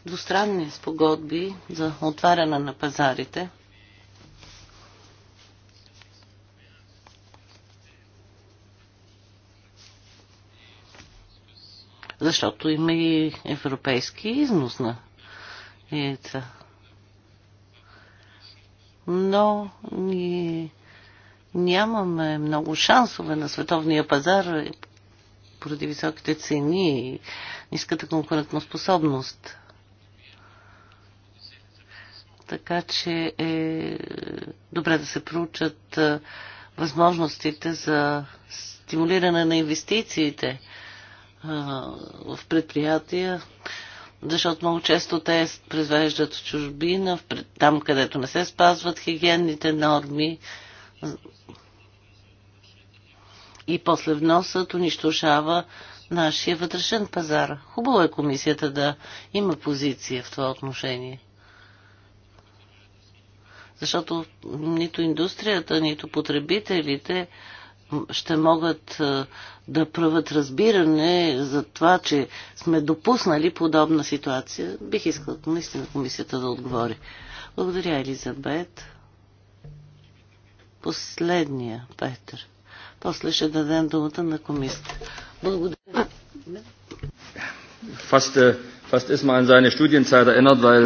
двустранни спогодби за отваряне на пазарите. Защото има и европейски износ на яйца. Но ние нямаме много шансове на световния пазар поради високите цени и ниската конкурентоспособност. Така че е добре да се проучат възможностите за стимулиране на инвестициите в предприятия, защото много често те произвеждат в чужбина, там където не се спазват хигиенните норми и после вносът унищожава нашия вътрешен пазар. Хубаво е комисията да има позиция в това отношение. Защото нито индустрията, нито потребителите ще могат е, да правят разбиране за това, че сме допуснали подобна ситуация. Бих искал наистина комисията да отговори. Благодаря, Елизабет. Последния, Петър. После ще дадем думата на комисията. Благодаря. Fast, äh, fast ist man an seine Studienzeit erinnert, weil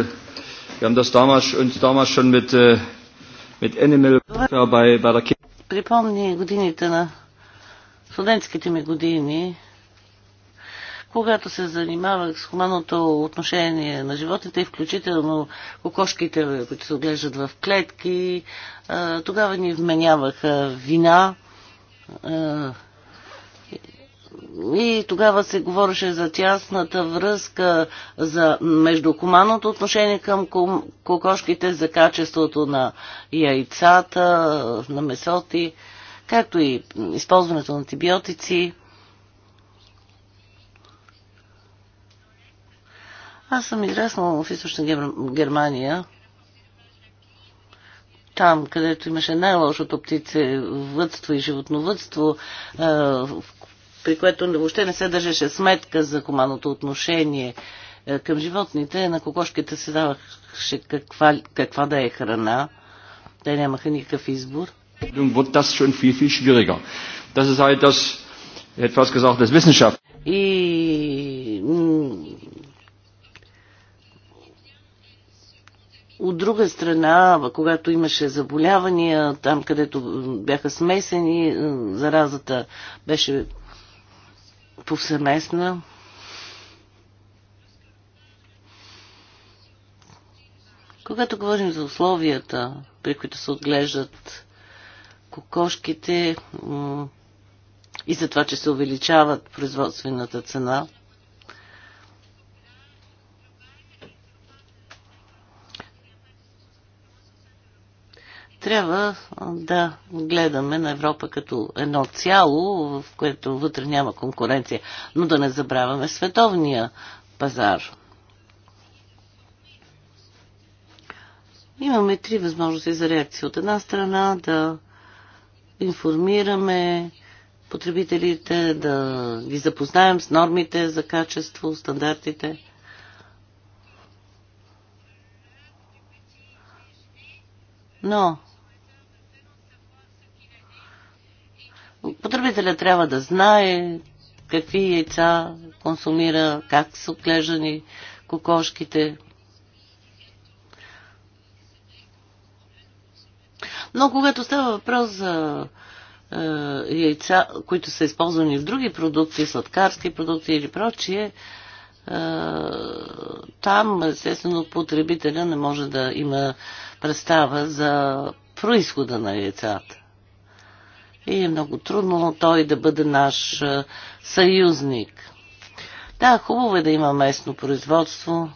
wir haben das damals, uns damals schon mit, äh, mit Animal äh, bei, bei der припомни годините на студентските ми години, когато се занимавах с хуманното отношение на животните, включително кокошките, които се оглеждат в клетки, тогава ни вменяваха вина, и тогава се говореше за тясната връзка за, между хуманното отношение към кокошките, за качеството на яйцата, на месоти, както и използването на антибиотици. Аз съм израснал в източна Германия, там, където имаше най-лошото птице вътство и животновътство, в при което въобще не се държеше сметка за хуманното отношение е, към животните. На кокошките се даваше каква, каква да е храна. Те нямаха никакъв избор. И От друга страна, когато имаше заболявания, там където бяха смесени, заразата беше повсеместна. Когато говорим за условията, при които се отглеждат кокошките и за това, че се увеличават производствената цена – Трябва да гледаме на Европа като едно цяло, в което вътре няма конкуренция, но да не забравяме световния пазар. Имаме три възможности за реакция. От една страна да информираме потребителите, да ги запознаем с нормите за качество, стандартите. Но Потребителя трябва да знае какви яйца консумира, как са отглеждани кокошките. Но когато става въпрос за е, яйца, които са използвани в други продукти, сладкарски продукти или прочие, е, там, естествено, потребителя не може да има представа за происхода на яйцата и е много трудно той да бъде наш съюзник. Да, хубаво е да има местно производство.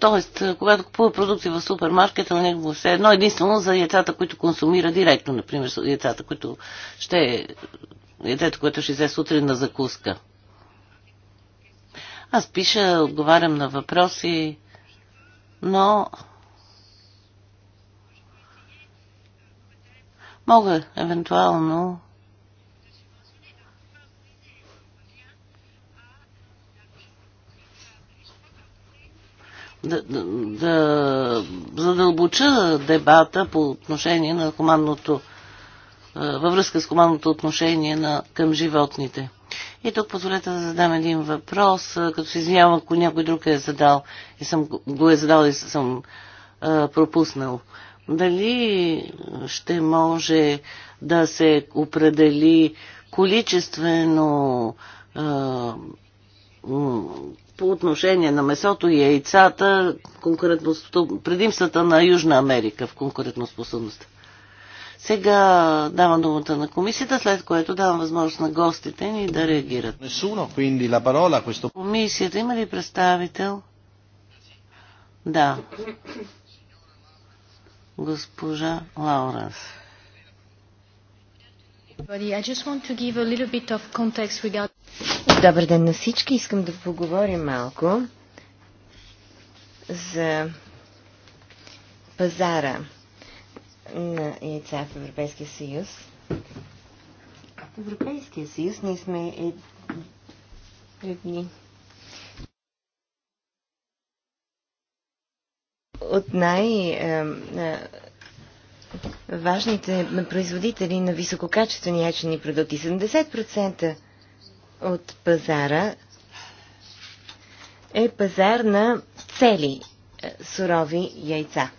Тоест, когато купува продукти в супермаркета, на него все едно единствено за яйцата, които консумира директно, например, яйцата, които ще е, което ще взе сутрин на закуска. Аз пиша, отговарям на въпроси, но мога евентуално да, да, да задълбоча дебата по отношение на хуманното, е, във връзка с хуманното отношение на, към животните. И тук позволете да задам един въпрос, като се извинявам, ако някой друг е задал и съм го е задал и съм а, пропуснал. Дали ще може да се определи количествено а, по отношение на месото и яйцата, предимствата на Южна Америка в конкурентоспособността? Сега давам думата на комисията, след което давам възможност на гостите ни да реагират. Комисията има ли представител? Да. Госпожа Лауранс. Добър ден на всички. Искам да поговорим малко за пазара на яйца в Европейския съюз. В Европейския съюз ние сме е- едни от най- е, е, важните производители на висококачествени ячени продукти. 70% от пазара е пазар на цели сурови яйца.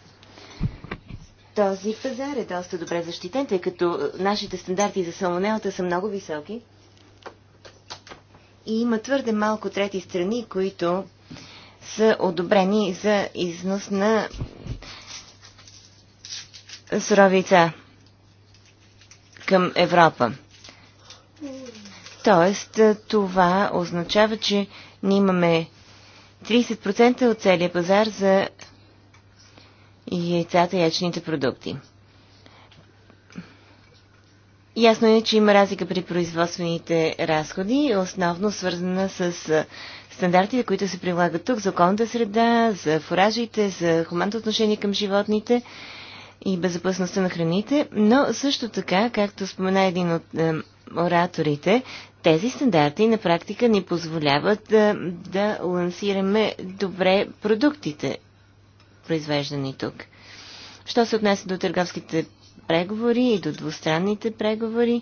Този пазар е доста добре защитен, тъй като е, нашите стандарти за салмонелата са много високи. И има твърде малко трети страни, които са одобрени за износ на суровица. към Европа. Тоест, е, това означава, че ние имаме 30% от целия пазар за и яйцата и ячните продукти. Ясно е, че има разлика при производствените разходи, основно свързана с стандартите, които се прилагат тук за околната среда, за фуражите, за хуманното отношение към животните и безопасността на храните, но също така, както спомена един от е, ораторите, тези стандарти на практика ни позволяват да, да лансираме добре продуктите произвеждани тук. Що се отнесе до търговските преговори и до двустранните преговори,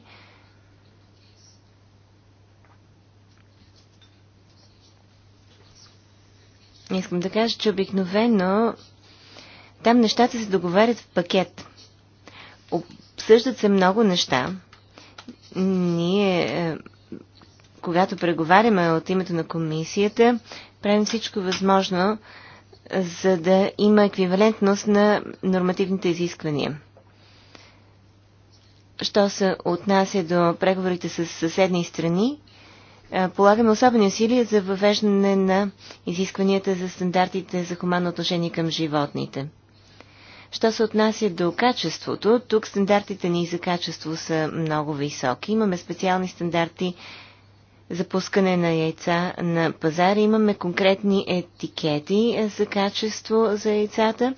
искам да кажа, че обикновено там нещата се договарят в пакет. Обсъждат се много неща. Ние, е, когато преговаряме от името на комисията, правим всичко възможно за да има еквивалентност на нормативните изисквания. Що се отнася до преговорите с съседни страни, полагаме особени усилия за въвеждане на изискванията за стандартите за хуманно отношение към животните. Що се отнася до качеството, тук стандартите ни за качество са много високи. Имаме специални стандарти за пускане на яйца на пазара. Имаме конкретни етикети е, за качество за яйцата,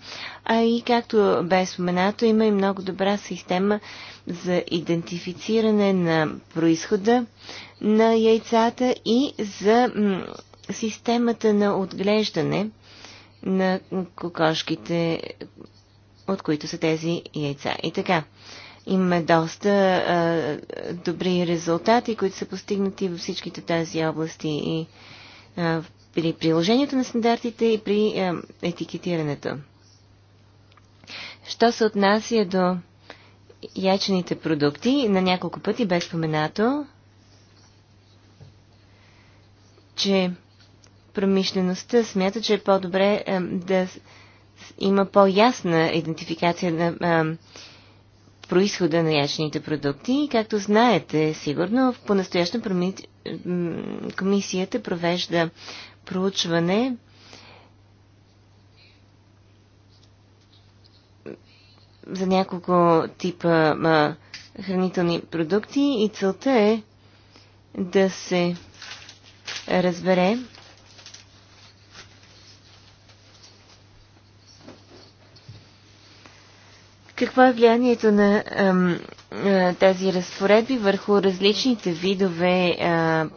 а и както бе споменато, има и много добра система за идентифициране на происхода на яйцата и за системата на отглеждане на кокошките, от които са тези яйца. И така, Имаме доста а, добри резултати, които са постигнати във всичките тази области и а, при приложението на стандартите и при а, етикетирането. Що се отнася до ячените продукти, на няколко пъти бе споменато, че промишлеността смята, че е по-добре да има по-ясна идентификация на происхода на ячните продукти. И както знаете, сигурно, по-настоящем комисията провежда проучване за няколко типа а, хранителни продукти и целта е да се разбере Какво е влиянието на ам, тези разпоредби върху различните видове а,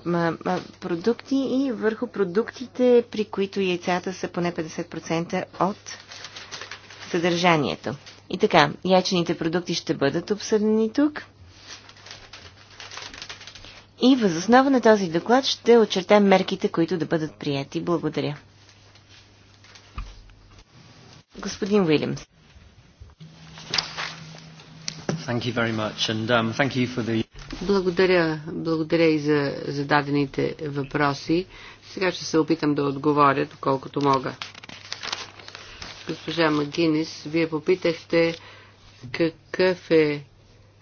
а, продукти и върху продуктите, при които яйцата са поне 50% от съдържанието? И така, ячените продукти ще бъдат обсъдени тук. И възоснова на този доклад ще очертаем мерките, които да бъдат прияти. Благодаря. Господин Уилямс. Thank you very much and um, thank you for the... Благодаря, благодаря и за зададените въпроси. Сега ще се опитам да отговоря, доколкото мога. Госпожа Магинис, вие попитахте какъв е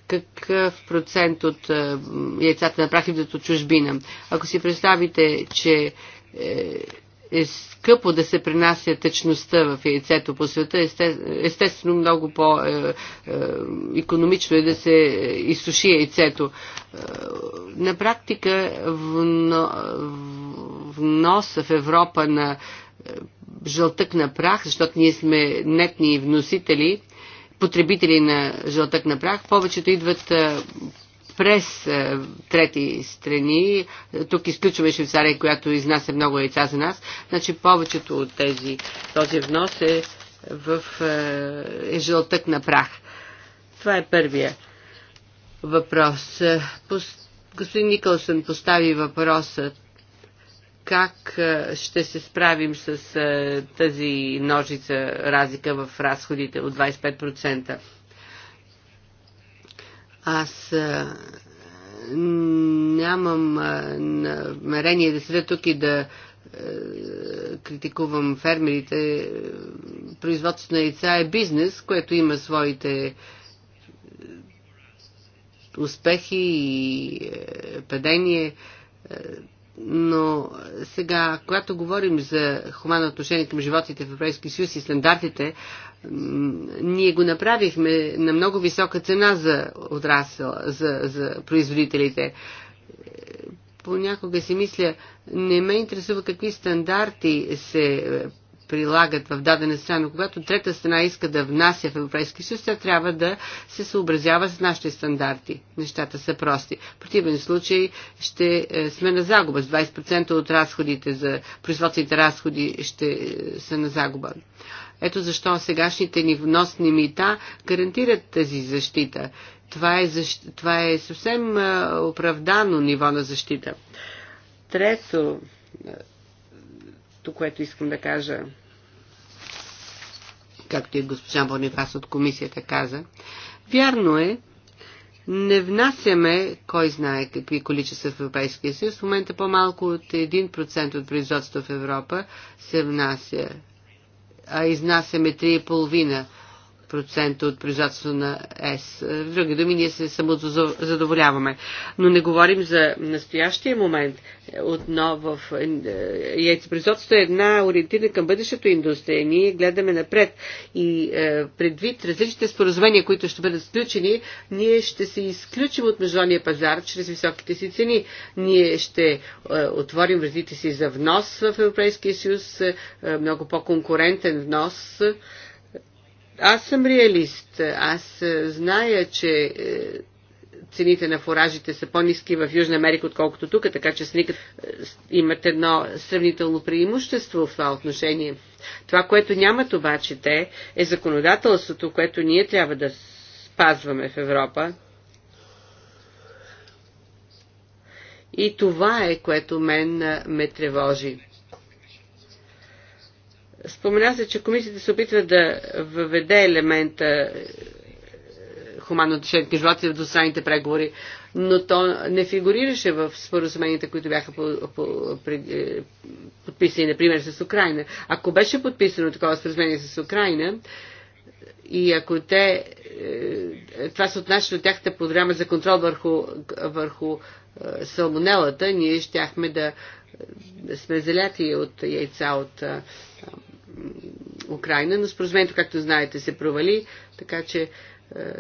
какъв процент от е, яйцата на прахи от чужбина. Ако си представите, че е, е скъпо да се принася течността в яйцето по света. естествено, много по-економично е, е, да се изсуши яйцето. Е, на практика в вноса в Европа на е, жълтък на прах, защото ние сме нетни вносители, потребители на жълтък на прах, повечето идват през е, трети страни. Тук изключваме Швейцария, която изнася много яйца за нас. Значи повечето от тези, този внос е, в, е, е жълтък на прах. Това е първия въпрос. Е, господин Никълсън постави въпроса как ще се справим с тази ножица разлика в разходите от 25%. Аз нямам намерение да седя тук и да критикувам фермерите. Производството на яйца е бизнес, което има своите успехи и падение. Но сега, когато говорим за хуманно отношение към животите в Европейския съюз и стандартите, ние го направихме на много висока цена за отрасъл, за, за производителите. Понякога си мисля, не ме интересува какви стандарти се прилагат в дадена страна, но когато трета страна иска да внася в Европейски съюз, тя трябва да се съобразява с нашите стандарти. Нещата са прости. В противен случай ще е, сме на загуба. С 20% от разходите за производствените разходи ще е, са на загуба. Ето защо сегашните ни вносни мита гарантират тази защита. Това е, защ... Това е съвсем е, оправдано ниво на защита. Трето, Другото, което искам да кажа, както и госпожа Бонифас от комисията каза, вярно е, не внасяме, кой знае какви количества в Европейския съюз. В момента по-малко от 1% от производството в Европа се внася, а изнасяме 3,5% процента от производството на ЕС. Е, в други думи, ние се самозадоволяваме. задоволяваме. Но не говорим за настоящия момент. Отново в е, е, яйцепроизводството е една ориентирана към бъдещето индустрия. Ние гледаме напред и предвид различните споразумения, които ще бъдат сключени, ние ще се изключим от международния пазар чрез високите си цени. Ние ще отворим вредите си за внос в Европейския съюз, много по-конкурентен внос аз съм реалист. Аз е, зная, че е, цените на фуражите са по-низки в Южна Америка, отколкото тук, така че сникът е, имат едно сравнително преимущество в това отношение. Това, което нямат обаче те, е законодателството, което ние трябва да спазваме в Европа. И това е, което мен ме тревожи. Спомена се, че комисията се опитва да въведе елемента е, хуманно отношение към живота в двустранните преговори, но то не фигурираше в споразуменията, които бяха по, по, при, е, подписани, например, с Украина. Ако беше подписано такова споразумение с Украина, и ако те, е, е това се отнася до тяхната програма за контрол върху, върху е, салмонелата, ние щяхме да сме заляти от яйца от е, Украина, но споразумението, както знаете, се провали, така че е,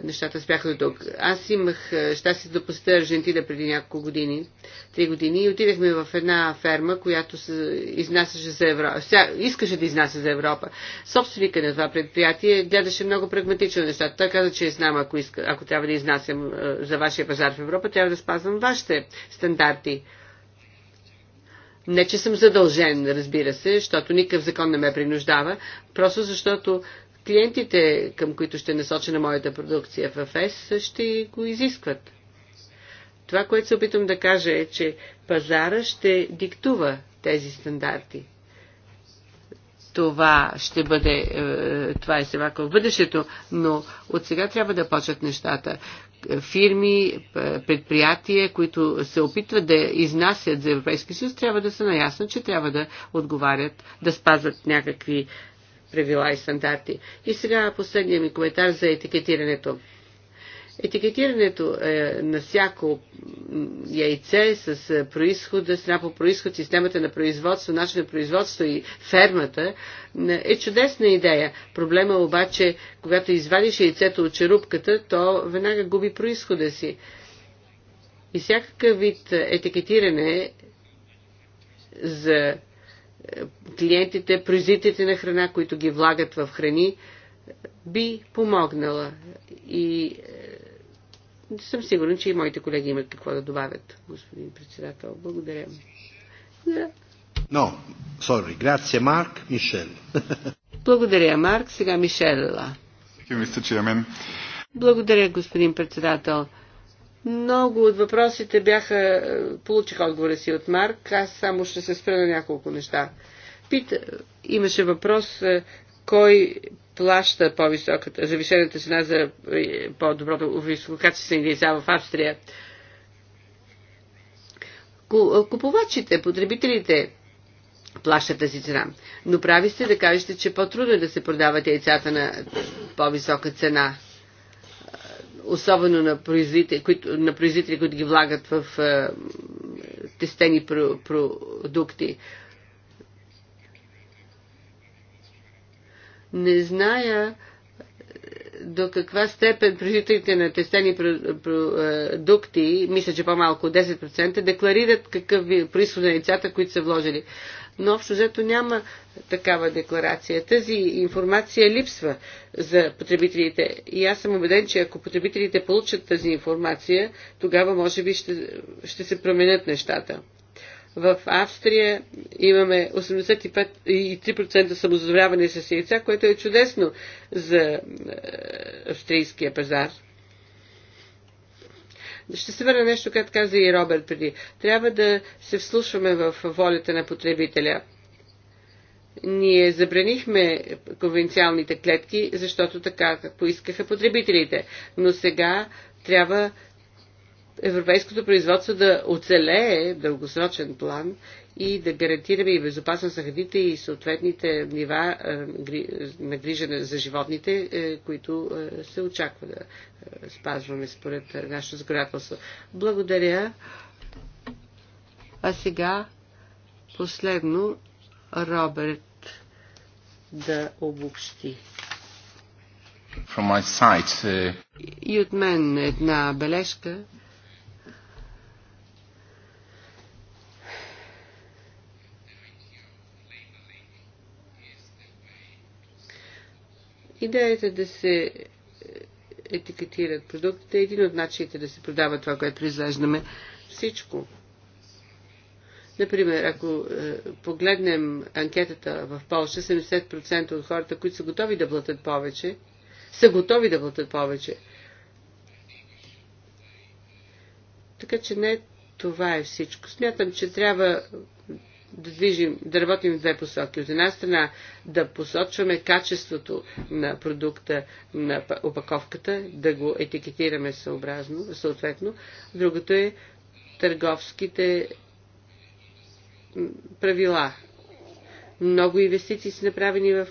нещата спяха до тук. Аз имах е, щастие да посетя Аржентина преди няколко години, три години, и отидахме в една ферма, която се изнасяше за Европа. Ся, искаше да изнася за Европа. Собственика на това предприятие гледаше много прагматично нещата. Той каза, че знам, е ако, иска, ако трябва да изнасям е, за вашия пазар в Европа, трябва да спазвам вашите стандарти. Не, че съм задължен, разбира се, защото никакъв закон не ме принуждава, просто защото клиентите, към които ще насоча на моята продукция в ЕС, ще го изискват. Това, което се опитвам да кажа е, че пазара ще диктува тези стандарти. Това ще бъде, е, това е сега в бъдещето, но от сега трябва да почат нещата фирми, предприятия, които се опитват да изнасят за Европейски съюз, трябва да са наясно, че трябва да отговарят, да спазват някакви правила и стандарти. И сега последния ми коментар за етикетирането. Етикетирането е, на всяко яйце с е, происхода, страна по происход, системата на производство, начин на производство и фермата е чудесна идея. Проблема обаче, когато извадиш яйцето от черупката, то веднага губи происхода си. И всякакъв вид етикетиране за е, клиентите, производителите на храна, които ги влагат в храни, би помогнала. И е, съм сигурен, че и моите колеги имат какво да добавят, господин председател. Благодаря. Но, сори, грация Марк. Мишел. Благодаря, Марк. Сега Мишелла. Благодаря, господин председател. Много от въпросите бяха... Получих отговора си от Марк. Аз само ще се спра на няколко неща. Пит... Имаше въпрос кой плаща по-високата, завишената цена за е, по-доброто висококачествени яйца в Австрия. Е, купувачите, потребителите плащат тази цена. Но прави сте да кажете, че по-трудно е да се продават яйцата на по-висока цена. Е, особено на производители, които, на производители, които ги влагат в е, тестени про, продукти. Про Не зная е, до каква степен производителите на тестени продукти, е, мисля, че по-малко 10%, декларират какъв е происход на яйцата, които са вложили. Но общо взето няма такава декларация. Тази информация липсва за потребителите. И аз съм убеден, че ако потребителите получат тази информация, тогава може би ще, ще се променят нещата. В Австрия имаме 83% самозадоволяване с яйца, което е чудесно за е, австрийския пазар. Ще се върна нещо, което каза и Роберт преди. Трябва да се вслушваме в волята на потребителя. Ние забранихме конвенциалните клетки, защото така поискаха потребителите. Но сега трябва европейското производство да оцелее в дългосрочен план и да гарантираме и безопасност на храните и съответните нива е, на грижа за животните, е, които е, се очаква да спазваме според нашето законодателство. Благодаря. А сега последно Роберт да обобщи. From my side, uh... И от мен една бележка. Идеята да се е, етикетират продуктите е един от начините да се продава това, което произвеждаме. Всичко. Например, ако е, погледнем анкетата в Польша, 70% от хората, които са готови да платят повече, са готови да платят повече. Така че не това е всичко. Смятам, че трябва да, движим, да работим в две посоки. От една страна да посочваме качеството на продукта, на опаковката, да го етикетираме съобразно, съответно. Другото е търговските правила. Много инвестиции са направени в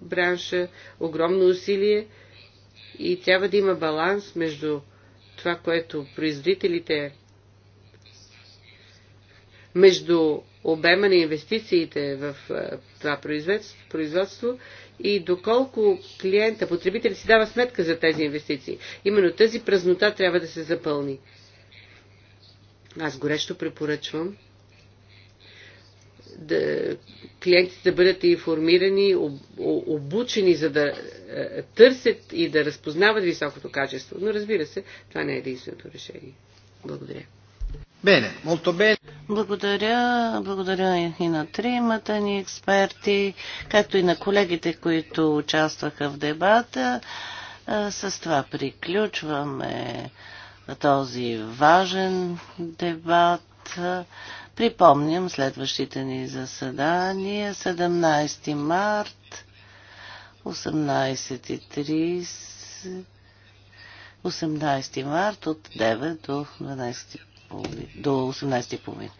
бранша, огромно усилие и трябва да има баланс между това, което производителите между обема на инвестициите в е, това производство и доколко клиента, потребител си дава сметка за тези инвестиции. Именно тази празнота трябва да се запълни. Аз горещо препоръчвам да, клиентите да бъдат информирани, обучени, за да е, търсят и да разпознават високото качество. Но разбира се, това не е единственото решение. Благодаря. Bene, molto bene. Благодаря, благодаря и на тримата ни експерти, както и на колегите, които участваха в дебата. С това приключваме този важен дебат. Припомням следващите ни заседания 17 март 18.30 18 март от 9 до 12. 18.30. до 18.30.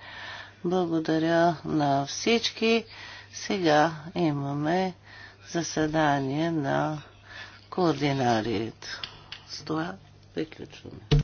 Благодаря на всички. Сега имаме заседание на координарието. С това приключваме.